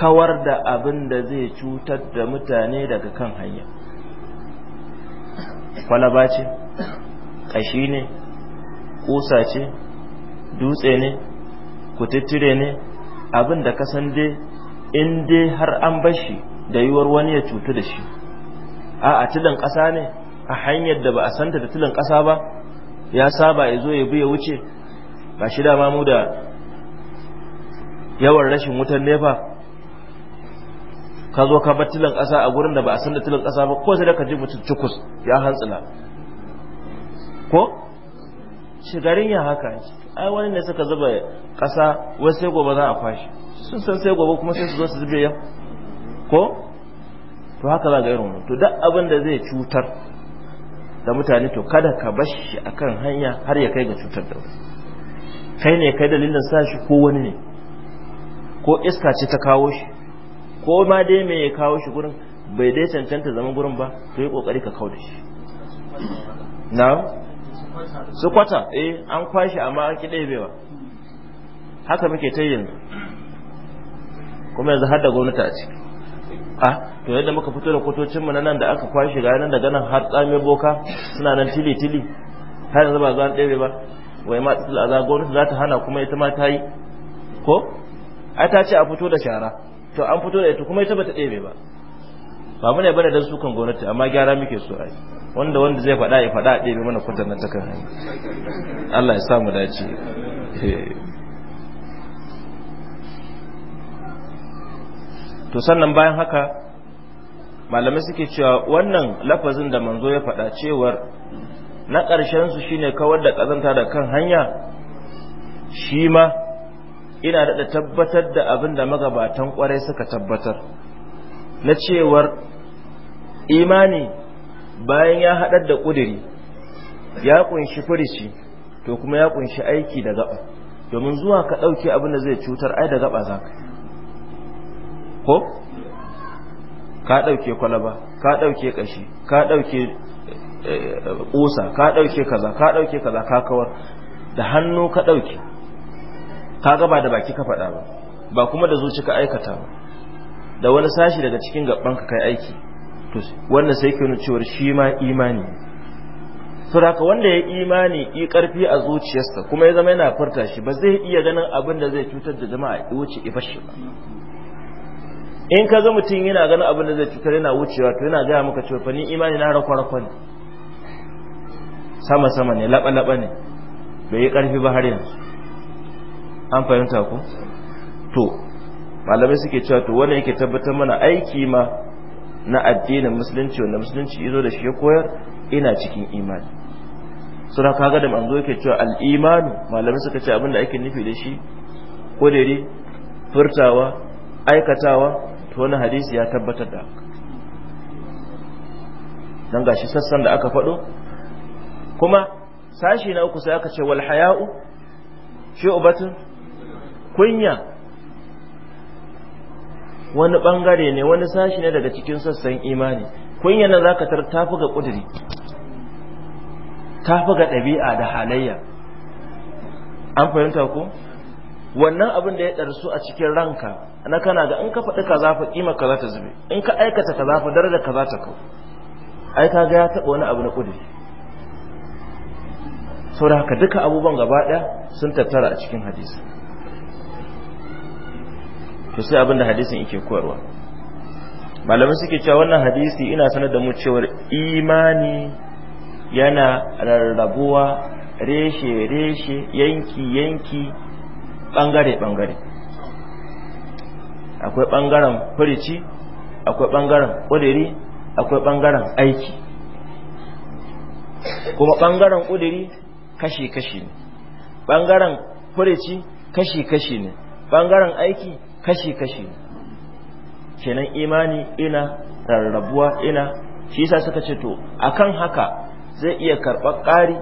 kawar da abin da zai cutar da mutane daga kan hanya kwalaba ce ƙashi ne ƙusa ce dutse ne kututture ne abin da ka san dai in dai har an bashi da yiwuwar wani ya cutu da shi a a tilin ƙasa ne a hanyar da ba a santa da tilin ƙasa ba ya saba ya zo ya bi ya wuce ba shi dama mu da yawan rashin wutan nefa ka zo ka bar tilin ƙasa a gurin da ba a san da tilin ƙasa ba ko sai da ka ji mutum cukus ya hantsila ko shigarin ya haka ai wani ne suka zuba ƙasa wai sai gobe za a kwashi sun san sai gobe kuma sai su zo su zube ya? ko to haka za ga irin to duk abin da zai cutar da mutane to kada ka bashi akan hanya har ya kai ga cutar da wasu kai ne kai dalilin sa shi ko wani ne ko iska ce ta kawo shi ko ma dai me ya kawo shi gurin bai dai cancanta zaman gurin ba to yi kokari ka kawo da shi na su kwata eh an kwashi amma an ki ɗebewa haka muke ta yanzu kuma yanzu har da gwamnati a ciki a to yadda muka fito da kwatocinmu mu nan da aka kwashe ga nan daga nan har tsamin boka suna nan tili-tili har yanzu ba zuwa ɗebe ba wai ma tsil aza gwamnati za ta hana kuma ita ma ta yi ko ai ta ce a fito da shara to an fito da ita kuma ita bata ɗebe ba ba mu ne bane dan sukan gwamnati amma gyara muke so ai wanda wanda zai faɗa ya faɗa ɗebe mana kwatar nan ta kan hanya Allah ya sa mu dace eh. to sannan bayan haka malamai suke cewa wannan lafazin da manzo ya faɗa cewar na ƙarshen su shine kawar da ƙazanta da kan hanya shi ma ina da tabbatar da abin da magabatan ƙwarai suka tabbatar na cewar imani bayan ya haɗar da ƙudiri ya ƙunshi furici to kuma ya ƙunshi aiki da gaba domin zuwa ka ɗauke abin da zai cutar ai da gaba za ko ka ɗauke kwalaba ka ɗauke ƙashi ka ɗauke Eh, ƙusa ka ɗauke kaza ka ɗauke kaza ka kawar da hannu ka ɗauke ka gaba da baki ka faɗa ba ba kuma da zuci ka aikata ba da wani sashi daga cikin gabban ka kai aiki to wannan sai ke nuna cewa shi ma imani saboda wanda ya imani yi karfi a zuciyarsa kuma ya zama yana furta shi ba zai iya ganin abin da zai cutar da jama'a ya wuce ya fashi ba in ka ga mutum yana ganin abin da zai cutar yana wucewa to yana gaya maka cewa fa ni imani na rakwa rakwa ne sama sama ne laba laba ne bai yi karfi ba har yanzu an fahimta ku to malamai suke cewa to wanda yake tabbatar mana aiki ma na addinin musulunci wanda musulunci yazo da shi ya koyar ina cikin imani suna kaga da manzo yake cewa al malamai suka ce da ake nufi da shi kodere furtawa aikatawa to wani hadisi ya tabbatar da haka dan gashi sassan da aka faɗo kuma sashi na uku sai aka ce wal haya'u shu'batun kunya wani bangare ne wani sashi ne daga cikin sassan imani kunya nan zaka tar tafi ga kudiri tafi ga dabi'a da halayya an fahimta ko wannan abin da ya ɗarsu a cikin ranka na kana ga in ka faɗi ka zafi kima ka za ta zube in ka aikata ka zafi darajar ka za ta kau ai ka ga ya taɓa wani abu na ƙudiri saboda haka duka abubuwan gaba ɗaya sun tattara a cikin hadisi to sai abin da hadisin yake koyarwa malamai suke cewa wannan hadisi ina sanar da mu cewar imani yana rarrabuwa reshe-reshe yanki-yanki ɓangare-ɓangare akwai ɓangaren furici akwai ɓangaren ƙudiri akwai ɓangaren aiki kuma ɓangaren ƙudiri kashi-kashi ne ɓangaren kureci kashi-kashi ne ɓangaren aiki kashi-kashi ne kenan imani ina rarrabuwa ina shi sa suka ce to akan haka zai iya karɓar ƙari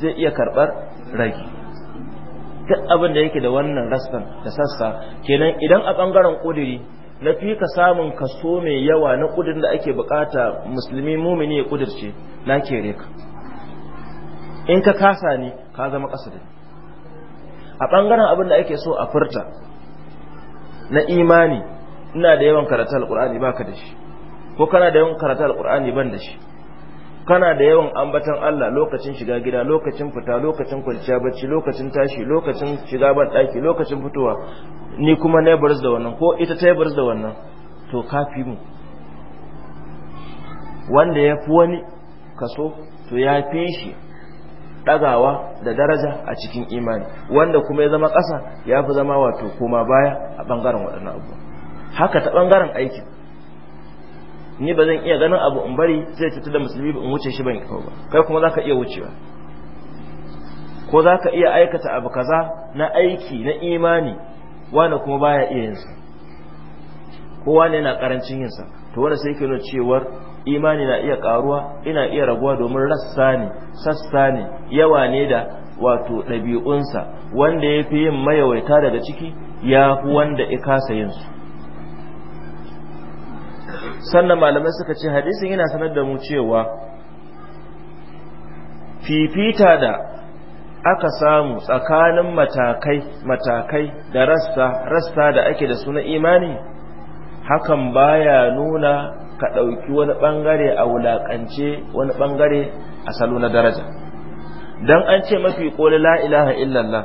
zai iya karɓar rage duk abin da yake da wannan rassan da sassa kenan idan a ɓangaren ƙudiri na fi ka samun kaso mai yawa na ƙudirin da ake bukata musulmi mumini ya ƙudurce na kere ka in ka kasa ni ka zama ƙasa da a ɓangaren abin da ake so a furta na imani ina da yawan karatu alƙur'ani ba ka da shi ko kana da yawan karatu alƙur'ani ban da shi kana da yawan ambatan Allah lokacin shiga gida lokacin fita lokacin kwanciya bacci lokacin tashi lokacin shiga ban ɗaki lokacin fitowa ni kuma na bars da wannan ko ita ta bars da wannan to kafi mu wanda ya fi wani kaso to ya fi shi Dagawa da daraja a cikin imani wanda kuma ya zama ƙasa ya fi zama wato koma baya a ɓangaren waɗannan abu haka ta ɓangaren aiki ni ba zan iya ganin abu in bari zai cutar da musulmi ba in wuce shi ban kawo ba kai kuma za ka iya wucewa ko za ka iya aikata abu kaza na aiki na imani wanda kuma baya iya yinsa kowa ne yana karancin yinsa to wanda sai ke nuna cewar imani na iya karuwa ina iya raguwa domin rassa ne sassa ne yawa ne da wato ɗabi'unsa wanda ya fi yin mayawaita daga ciki ya fi wanda ya kasa yin su sannan malamai suka ce hadisin yana sanar da mu cewa fifita da aka samu tsakanin matakai matakai da rassa rassa da ake da suna imani hakan baya nuna ka ɗauki wani ɓangare a wulaƙance wani ɓangare a salo na daraja don an ce mafi ƙoli la ilaha illallah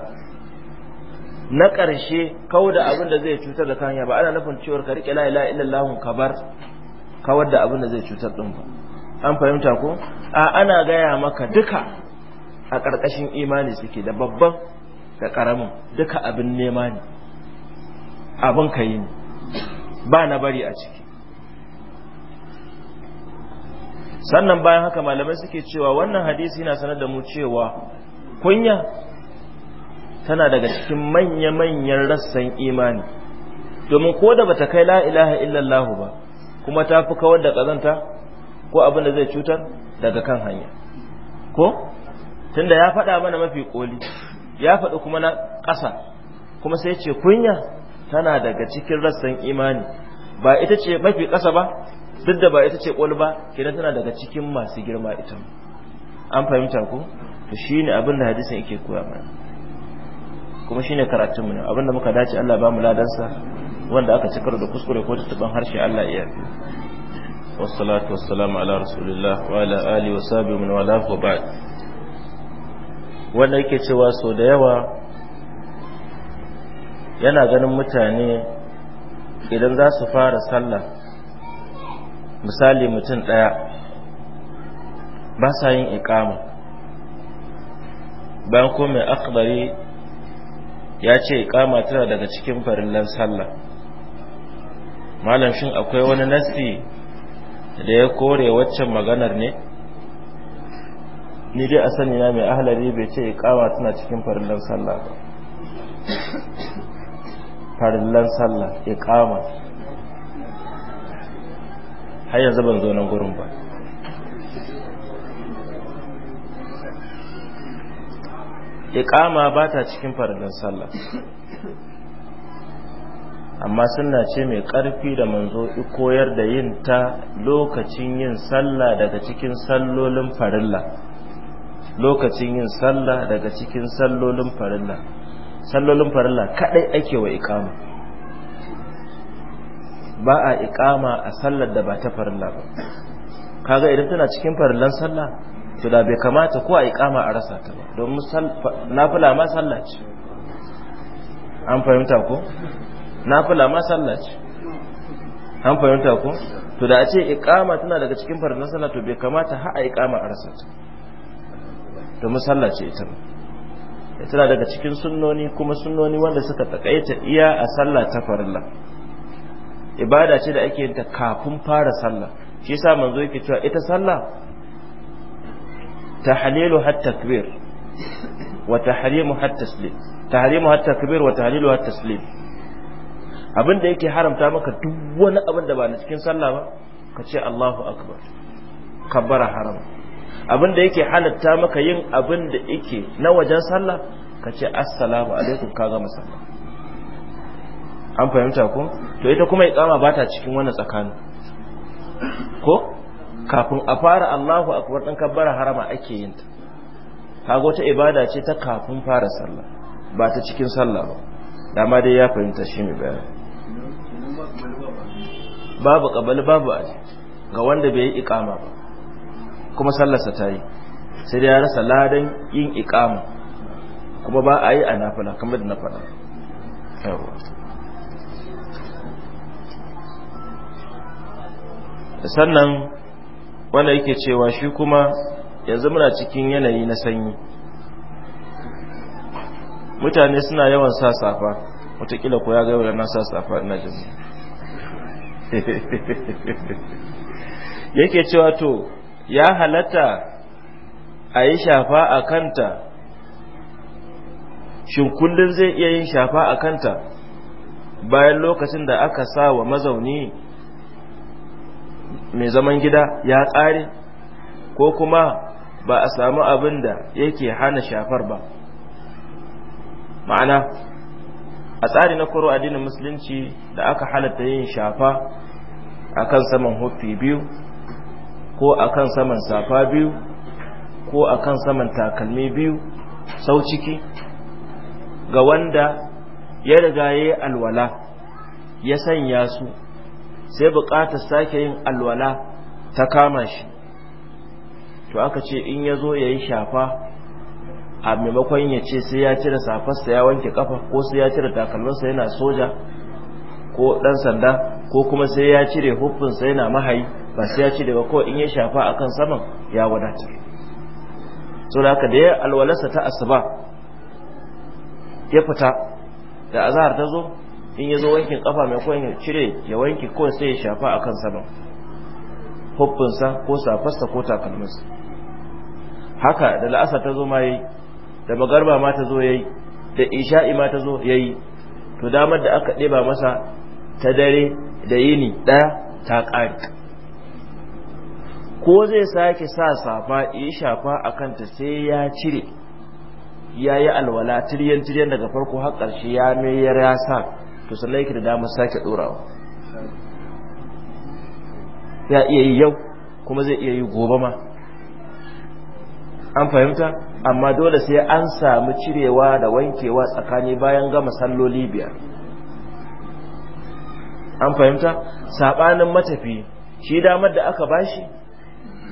na ƙarshe kawo da abin da zai cutar da kanya ba ana nufin cewar ka riƙe la ilaha illallah ka bar kawar da abin da zai cutar ɗin ba an fahimta ko a ana gaya maka duka a ƙarƙashin imani suke da babban da ƙaramin duka abin nema ne abin ka yi ne ba na bari a ciki sannan bayan haka malamai suke cewa wannan hadisi yana sanar da mu cewa kunya tana daga cikin manya-manyan rassan imani domin ko da bata kai la ilaha illallah ba kuma ta fi kawar da kazanta ko abin da zai cutar daga kan hanya ko tunda ya faɗa mana mafi koli ya faɗi kuma na ƙasa kuma sai ce kunya tana daga cikin rassan imani ba ita ce mafi ƙasa ba duk da ba ita ce ƙwal ba kenan tana daga cikin masu girma ita an fahimta ko to shine abin da hadisin yake koya mana kuma shine karatun mu abin da muka dace Allah ba mu ladansa wanda aka cikar da kuskure ko tuban harshe Allah ya yafi wassalatu wassalamu ala rasulillah wa ala ali wa sahbihi min wala wa ba'd wanda yake cewa so da yawa yana ganin mutane idan za su fara sallah misali mutum ɗaya ba sa yin ikama bayan ko mai akabari ya ce ikama tana daga cikin farillan sallah malam shin akwai wani nasi da ya kore waccan maganar ne ni dai a sani na mai ahalari bai ce ikama tana cikin farillan sallah ba farillan sallah iƙama har yanzu ban zo nan gurin ba iqama ba ta cikin farilin sallah amma sunna ce mai ƙarfi da manzo koyar da yin ta lokacin yin sallah daga cikin sallolin farilla lokacin yin sallah daga cikin sallolin farilla sallolin farilla kadai ake wa iqama ba a iƙama a sallar da ba ta farilla ba kaga idan tana cikin farillan sallah to da bai kamata ko a iƙama a rasa ta ba Don nafila ma sallah ce an fahimta ko nafila ma sallah ce an fahimta ko to da a ce iƙama tana daga cikin farillan sallah to bai kamata ha a iƙama a rasa ta domin sallah ce ita ba tana daga cikin sunnoni kuma sunnoni wanda suka takaita iya a sallah ta farilla ibada ce da ake yin ta kafin fara sallah shi yasa manzo yake cewa ita sallah tahlilu hatta takbir wa tahrimu hatta taslim tahrimu hatta takbir wa tahlilu hatta taslim abin da yake haramta maka duk wani abin da ba na cikin sallah ba ka ce Allahu akbar kabbara haram abin da yake halatta maka yin abin da yake na wajen sallah ka ce assalamu alaikum ka gama sallah an fahimta ko to ita kuma iqama ba ta cikin wannan tsakanin ko kafin a fara Allahu akbar dan kabbara harama ake yin ta kago ta ibada ce ta kafin fara sallah ba ta cikin sallah ba dama dai ya fahimta shi mai bayani babu kabali babu aji ga wanda bai yi iqama ba kuma sallarsa ta yi sai dai ya rasa ladan yin iqama kuma ba a yi a nafila kamar da na faɗa yawa sannan wanda yake cewa shi kuma yanzu muna cikin yanayi na sanyi mutane suna yawan sa safa watakila ko ya ga yau na sa safa ina jin yake cewa to ya halatta a yi shafa a kanta shin kullum zai iya yin shafa a kanta bayan lokacin da aka sa wa mazauni mai zaman gida ya tsare ko kuma ba a samu abin da yake hana shafar ba ma'ana a tsari na koro addinin musulunci da aka halatta yin shafa akan saman hoffi biyu ko akan saman safa biyu ko akan saman takalmi biyu sau ciki ga wanda ya riga ya yi alwala ya sanya su sai buƙatar sake yin alwala ta kama shi to aka ce in ya zo ya yi shafa a maimakon ya ce sai ya cire safarsa ya wanke kafa ko sai ya cire takalminsa yana soja ko ɗan sanda ko kuma sai ya cire hufinsa yana mahayi ba sai ya cire ba ko in ya shafa a kan saman ya wadatar so da haka da ya alwalarsa ta asuba ya fita da azahar ta zo in ya zo wankin kafa mai kwan cire ya wanki ko sai ya shafa a kan saman huffinsa ko safarsa ko takalminsa haka da la'asar ta zo ma yi da magarba ma ta zo ya yi da isha'i ma ta zo ya yi to damar da aka ɗeba masa ta dare da yini ɗaya ta ƙari ko zai sake sa safa yi shafa a kanta sai ya cire ya yi alwala tiryan tiryan daga farko har ƙarshe ya mai ya sa to sallai yake da damar sake ɗorawa ya iya yi yau kuma zai iya yi gobe ma an fahimta amma dole sai an samu cirewa da wankewa tsakani bayan gama salloli biyar an fahimta saɓanin matafi shi damar da aka bashi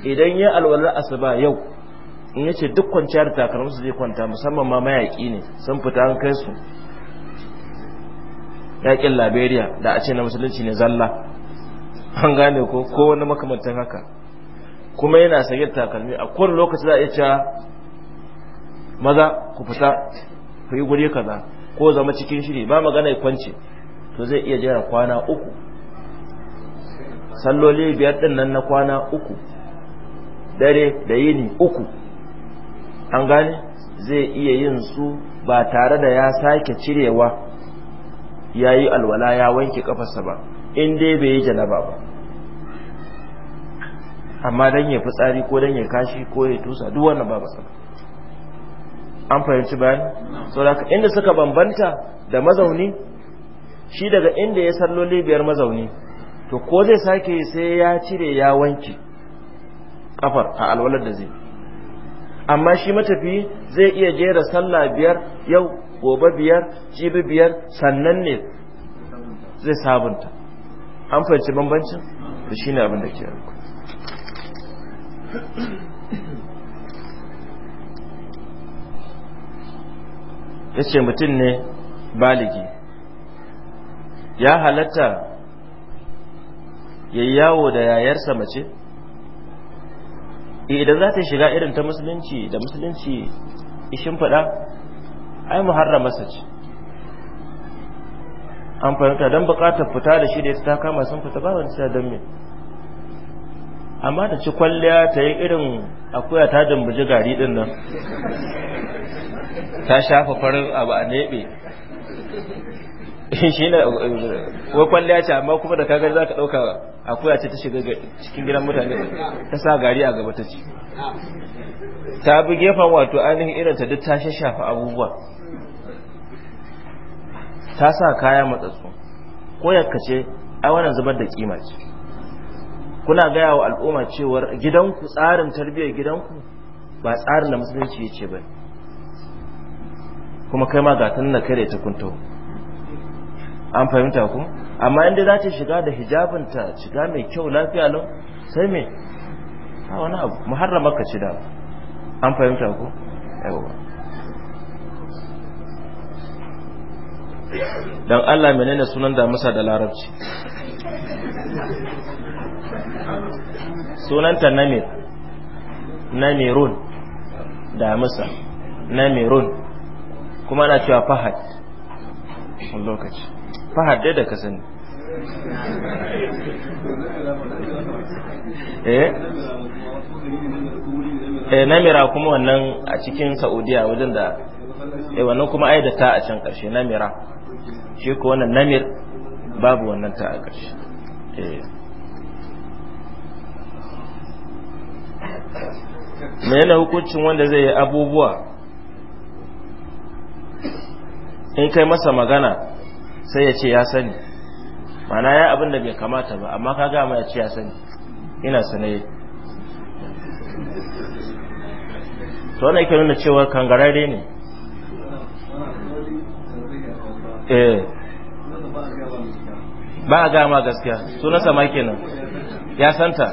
idan ya alwalar asuba yau in yace duk kwanciyar takalminsu zai kwanta musamman ma mayaki ne sun fita an kai su yakin liberia da a ce na musulunci ne zalla an gane ko ko wani makamantan haka kuma yana sage takalmi a kowane lokaci za a iya cewa maza ku fita ku yi guri kaza ko zama cikin shiri ba magana ya kwance to zai iya jera kwana uku salloli biyar din nan na kwana uku dare da yini uku an gane zai iya yin su ba tare da ya sake cirewa ya yi alwala ya wanke kafarsa ba in dai bai yi janaba ba amma dan ya fitsari ko dan ya kashi ko ya tusa duk wannan ba basa an fahimci bayan saboda inda suka bambanta da mazauni shi daga inda ya salloli biyar mazauni to ko zai sake sai ya cire ya wanke kafar a alwalar da zai amma shi matafi zai iya jera sallah biyar yau gobe biyar jibi biyar sannan ne zai sabunta an fahimci bambancin da shi ne abin ke yanku ya ce mutum ne baligi ya halatta ya yawo da yayarsa mace eh, idan za ta shiga irin ta musulunci da musulunci ishin fada ai su ce an fahimta don bukatar fita da shi da ita ta kama sun fita ba wani sa don me amma ta ci kwalliya ta yi irin akuya ta dambaji gari din nan ta shafa farin abu a nebe shi ne wai kwalliya ce amma kuma da kagar za ka ɗauka akuya ce ta shiga cikin gidan mutane ta sa gari a gaba ta ci ta bi gefen wato ainihin irin ta duk ta shafa abubuwa ta sa kaya matsatsu ko ce ai wannan zubar da kima ce kuna gaya wa al'umma cewar gidanku tsarin tarbiyyar gidanku ba tsarin da musulunci yake ba kuma kai ma gatan na kare ta kunto an fahimta ku amma inda za ta shiga da hijabinta shiga mai kyau lafiya lau sai me a wani abu muharrama ka ci da an fahimta ku yawa dan Allah menene sunan damisa da larabci sunanta namir namirun damisa namirun kuma ana cewa fahad lokaci fahad dai da ka sani eh eh namira kuma wannan a cikin saudiya wajen da eh wannan kuma ai da ta a can karshe namira shi ko wannan namir babu wannan ta a ƙarshe yana eh. hukuncin wanda zai yi abubuwa in kai masa magana sai ya ce ya sani mana ya abin da bai kamata ba amma ka gama ya ce ya sani ina sanaye to wannan yake nuna cewa kangararre ne eh ba a gama gaskiya sunansa ma kenan ya santa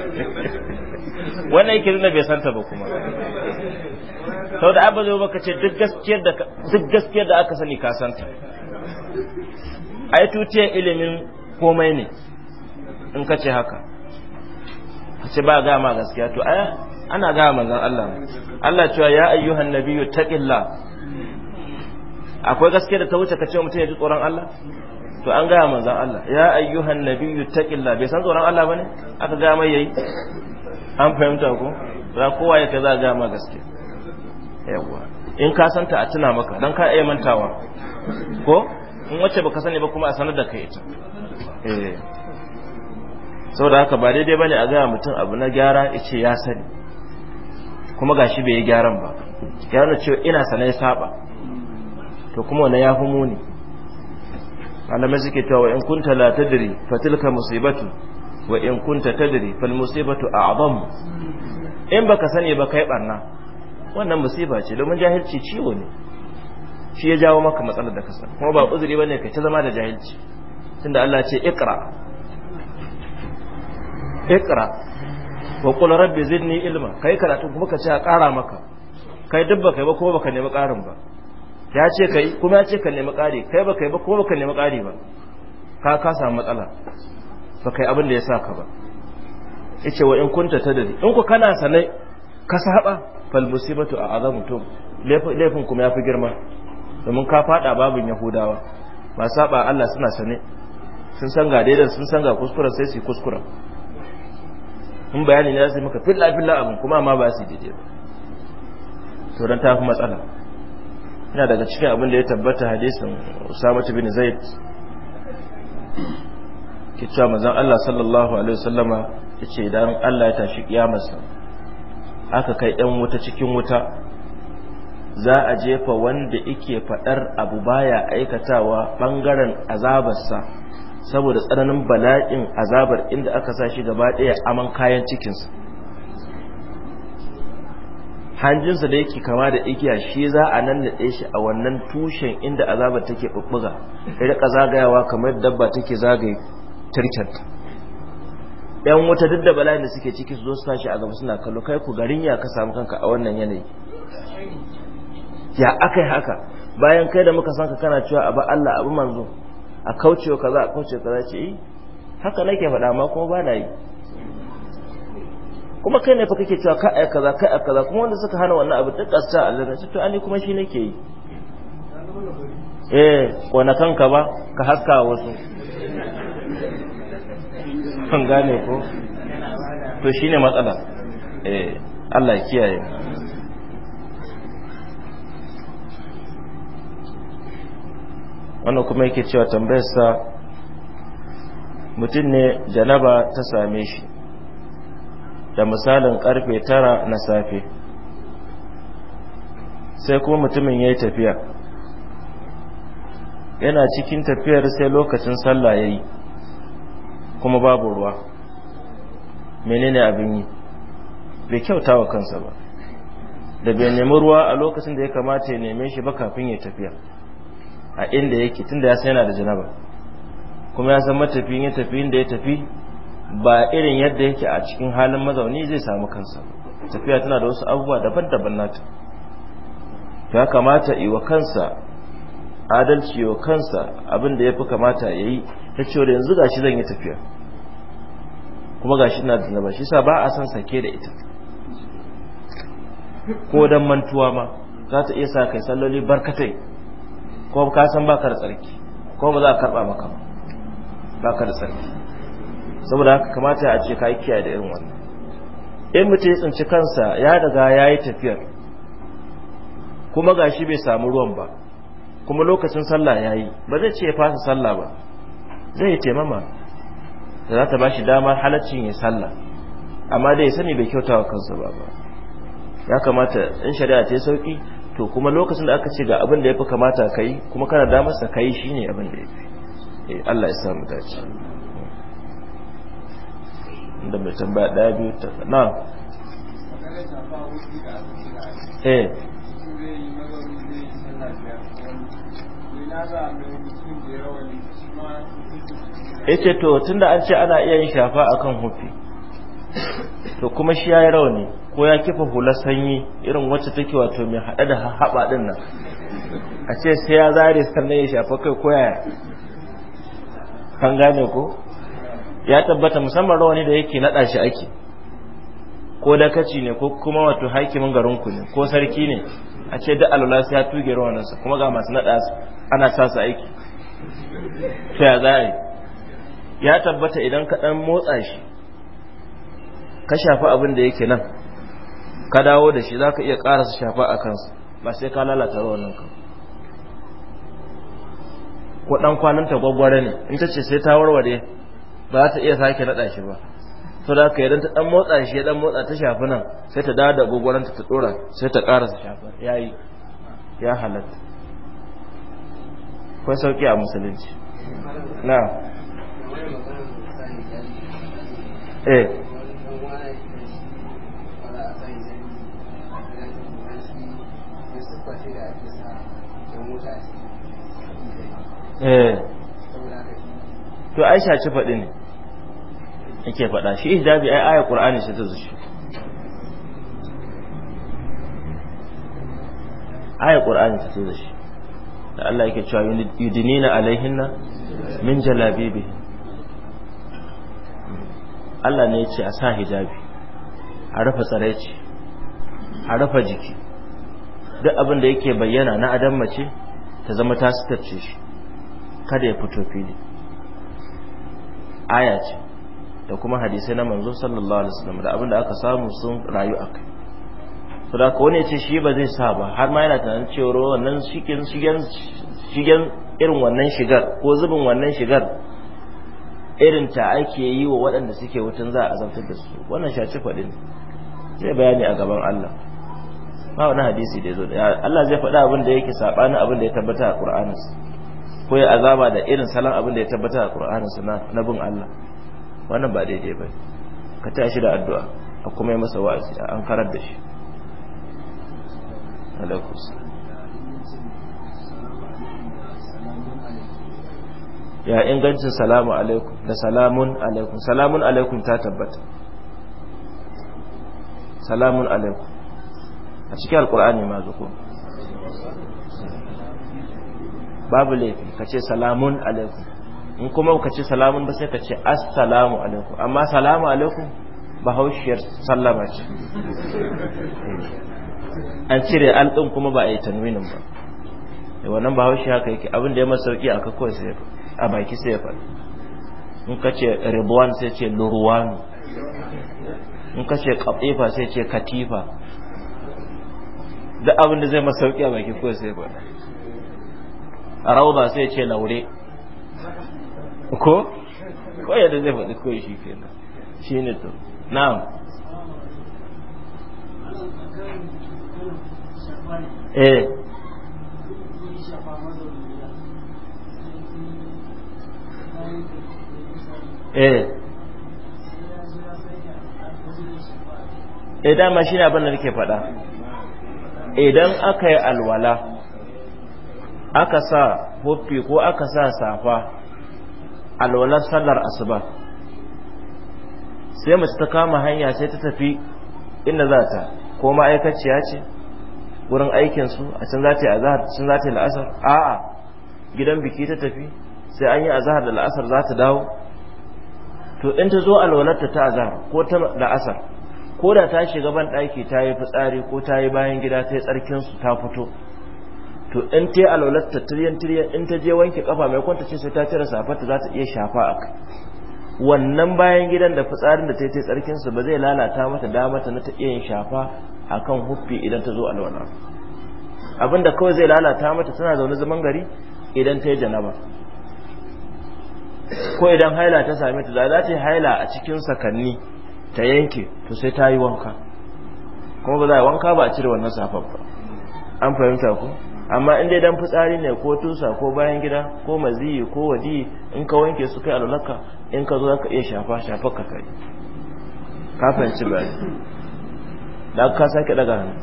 wannan yake nuna bai santa ba kuma sau da abin zai baka ce duk gaskiyar da aka sani ka santa ai tutiyar ilimin komai ne in ka ce haka ka ce ba gama gaskiya to aya ana gama manzon Allah Allah cewa ya ayyuhan nabiyyu taqilla akwai gaske da ta wuce ka ce mutum ya ji tsoron Allah to an gaya manzan Allah ya ayyuhan nabiyyu taqilla bai san tsoron Allah bane aka ga mai yayi an fahimta ko ra kowa ya kaza ga ma gaske yawa in ka santa a tuna maka dan ka iya mantawa ko in wacce baka sani ba kuma a sanar da kai ita eh saboda haka ba daidai bane a ga mutum abu na gyara yace ya sani kuma gashi bai yi gyaran ba gyaran nuna cewa ina sanai saba to kuma wannan ya fi muni malamai suke cewa wa in kunta la tadri fa tilka musibatu wa in kunta tadri fal musibatu a'zam in baka sani ba kai barna wannan musiba ce domin jahilci ciwo ne shi ya jawo maka matsalar da kasa kuma ba uzuri bane ka ci zama da jahilci tunda Allah ce iqra iqra wa qul rabbi zidni ilma kai karatu kuma ka ce a kara maka kai duk baka yi ba kuma baka nemi karin ba ya ce kai kuma ya ce ka nemi ƙari kai ba kai ba kuma ba ka nemi ƙari ba ka ka samu matsala ba kai abin da ya sa ka ba ya ce wa in kunta ta dadi in ku kana sanai ka saba fal musibatu a mutum laifin kuma ya fi girma domin ka fada babin yahudawa ba saba Allah suna sane sun san ga daidan sun san ga kuskuren sai su kuskuren in bayani ne za su yi maka filla filla abin kuma ma ba su daidai ba to don ta fi matsala ina daga cikin abin da ya tabbata hadisin Usamatu bin Zaid ke cewa manzon Allah sallallahu alaihi wasallama yace idan Allah ya tashi kiyamarsa aka kai ɗan wuta cikin wuta za a jefa wanda yake faɗar abu baya aikatawa ɓangaren azabarsa saboda tsananin bala'in azabar inda aka sa shi gaba ɗaya aman kayan cikinsa hanjinsa da yake kama da igiya shi za a nan ɗe shi a wannan tushen inda azabar take bubbuga ya ka zagayawa kamar dabba take zagaye turkenta Ɗan wuta duk da bala'in da suke ciki su zo su tashi a gaba suna kallo kai ku garin ya ka samu kanka a wannan yanayi ya aka yi haka bayan kai da muka san ka kana cewa abu Allah abu manzo a kaucewa kaza a kaucewa kaza ce eh, haka nake faɗa ma kuma ba na yi kuma kai ne fa kake cewa ka ai kaza ka ai kaza kuma wanda suka hana wannan abu duk ne aljanna to ani kuma shi nake yi eh kona kanka ba ka haska wasu an gane ko to shine matsala eh Allah ya kiyaye wannan kuma yake cewa tambayarsa mutum ne janaba ta same shi da misalin karfe tara na safe sai kuma mutumin ya yi tafiya yana cikin tafiyar sai lokacin sallah ya yi kuma babu ruwa menene abin yi bai kyauta wa kansa ba da bai nemi ruwa a lokacin da ya kamata ya neme shi ba kafin ya tafiya a inda yake tunda ya san yana da janaba kuma ya san matafiyin ya tafi inda ya tafi ba irin yadda yake a cikin halin mazauni zai samu kansa tafiya tana da wasu abubuwa daban-daban nata ya kamata wa kansa adalci wa kansa abin da ya fi kamata ya yi ta cewa yanzu gashi zan yi tafiya kuma gashi na da zama, shi sa ba a san sake da ita ko don mantuwa ma za ta iya sa kai salloli barkatai ko ka san baka da tsarki ko ba za a karba maka ba ka da tsarki saboda haka kamata a ce ka yi kiyaye da irin wannan in mutum ya tsinci kansa ya daga ya yi tafiyar kuma ga shi bai samu ruwan ba kuma lokacin sallah ya yi ba zai ce ya fasa sallah ba zai yi taimama da za ta ba shi damar halaccin ya sallah amma dai ya sani bai kyauta wa kansa ba ba ya kamata in shari'a ta yi sauki to kuma lokacin da aka ce ga abin da ya fi kamata ka yi kuma kana damarsa ka yi shi ne abin da ya fi eh, Allah ya samu dace da mai tambaya ɗaya biyu ta na eh yace to tunda an ce ana iya yin shafa a kan hufi to kuma shi yayi rauni ko ya kifa hula sanyi irin wacce take wato mai hada da haba din nan a ce sai ya zare sannan ya shafa kai ko yaya kan gane ko ya tabbata musamman rawani da yake nada shi ake ko dakaci ne ko kuma wato hakimin garinku ne ko sarki ne a ce da alwala sai ya tuge rawaninsa kuma ga masu naɗa ana sa su aiki ya zai ya tabbata idan ka dan motsa shi ka shafi abin da yake nan ka dawo da shi za ka iya su shafa a kansa ba sai ka lalata rawaninka ko ɗan kwananta gwaggware ne in ta ce sai ta warware ba ta iya sake naɗa shi ba to da ka idan ta dan motsa shi ya dan motsa ta shafi nan sai ta dawo da gogoran ta dora sai ta karasa shafa yayi ya halatta ko sauki a musulunci na eh eh to Aisha shaci faɗi ne yake faɗa shi hijabi ai ayar qur'ani shi ta zuci ayar qur'ani ce ta zuci da Allah yake cewa yudinina alaihinna min jalabibi Allah ne ya ce a sa hijabi a rufe tsaraici a rufe jiki duk abin da yake bayyana na adam mace ta zama ta sitarce shi kada ya fito fili aya ce da kuma hadisai na manzo sallallahu alaihi wasallam da abinda aka samu sun rayu akai to da kone ce shi ba zai sa ba har ma yana tunanin cewa wannan shigen shigen shigen irin wannan shigar ko zubin wannan shigar irin ta ake yi wa waɗanda suke wutan za a azabtar da su wannan shaci faɗin zai bayani a gaban Allah ba wani hadisi da ya zo Allah zai faɗa abin da yake saɓani abin da ya tabbata a Qur'aninsa ko ya azaba da irin salon abin da ya tabbata a Qur'anin suna na bin Allah wannan ba daidai ba ka tashi da addu'a a kuma yi masa wa'azi a an karar da shi ya ingancin salamu alaikum da salamun alaikum salamun alaikum ta tabbata salamun alaikum a cikin alkur'ani ma zuku babu laifi ka ce salamun alaikum in kuma ka ce salamun ba sai ka ce assalamu alaikum amma salamu alaikum bahaushiyar sallama ce an cire al kuma ba a yi tanwinin ba da wannan haushi haka yake abin da ya masa sauki a kakwai sai a baki sai ya faɗi in ka ce ribuwan sai ce lurwanu in ka ce katsifa sai ce katifa duk abin da zai masa sauki a baki kawai sai faɗi Rauza sai ce laure ko ko yadda zai faɗi ko shi kenan shine to na'am eh eh eh dama shi ne abin da nake faɗa idan aka yi alwala aka sa hoppi ko aka sa safa alwalar sallar asuba sai mace ta kama hanya sai ta tafi inda za ta ko ma'aikaciya ce wurin aikinsu a can za ta yi azahar can za ta yi la'asar a'a gidan biki ta tafi sai an yi azahar da la'asar za ta dawo to in ta zo alwalarta ta azahar ko ta la'asar ko da ta shiga ban ɗaki ta yi fitsari ko ta yi bayan gida ta yi tsarkinsu ta fito to in ta yi alwalar ta tiryan tiryan in ta je wanke kafa mai kwanta ce sai ta cire safar ta za ta iya shafa a kai wannan bayan gidan da fitsarin da ta yi ta tsarkin su ba zai lalata mata dama ta na ta iya yin shafa a kan huffi idan ta zo alwala abinda kawai zai lalata mata tana zaune zaman gari idan ta yi janaba ko idan haila ta same ta za ta yi haila a cikin sakanni ta yanke to sai ta yi wanka kuma ba za a yi wanka ba a cire wannan safar ba an fahimta ku amma in dai dan fitsari ne ko tusa ko bayan gida ko maziyi ko wadi in ka wanke su kai alalaka in ka zo ka iya shafa shafa ka kai kafin ci ba da ka sake daga hannu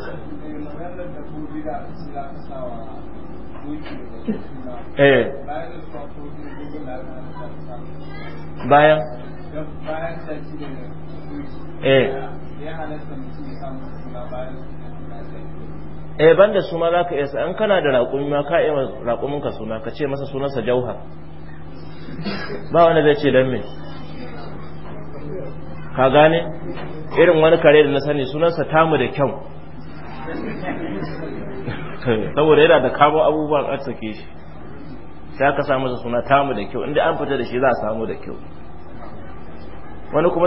eh bayan eh ya halatta mutum ya samu bayan eh banda su ma zaka iya an kana da raƙumi ma ka iya raƙumin ka suna ka ce masa sunansa jauhar ba wanda zai ce dan me ka gane irin wani kare da na sani sunansa tamu da kyau saboda yana da kamo abubuwan an sake shi sai aka samu masa suna tamu da kyau inda an fita da shi za a samu da kyau wani kuma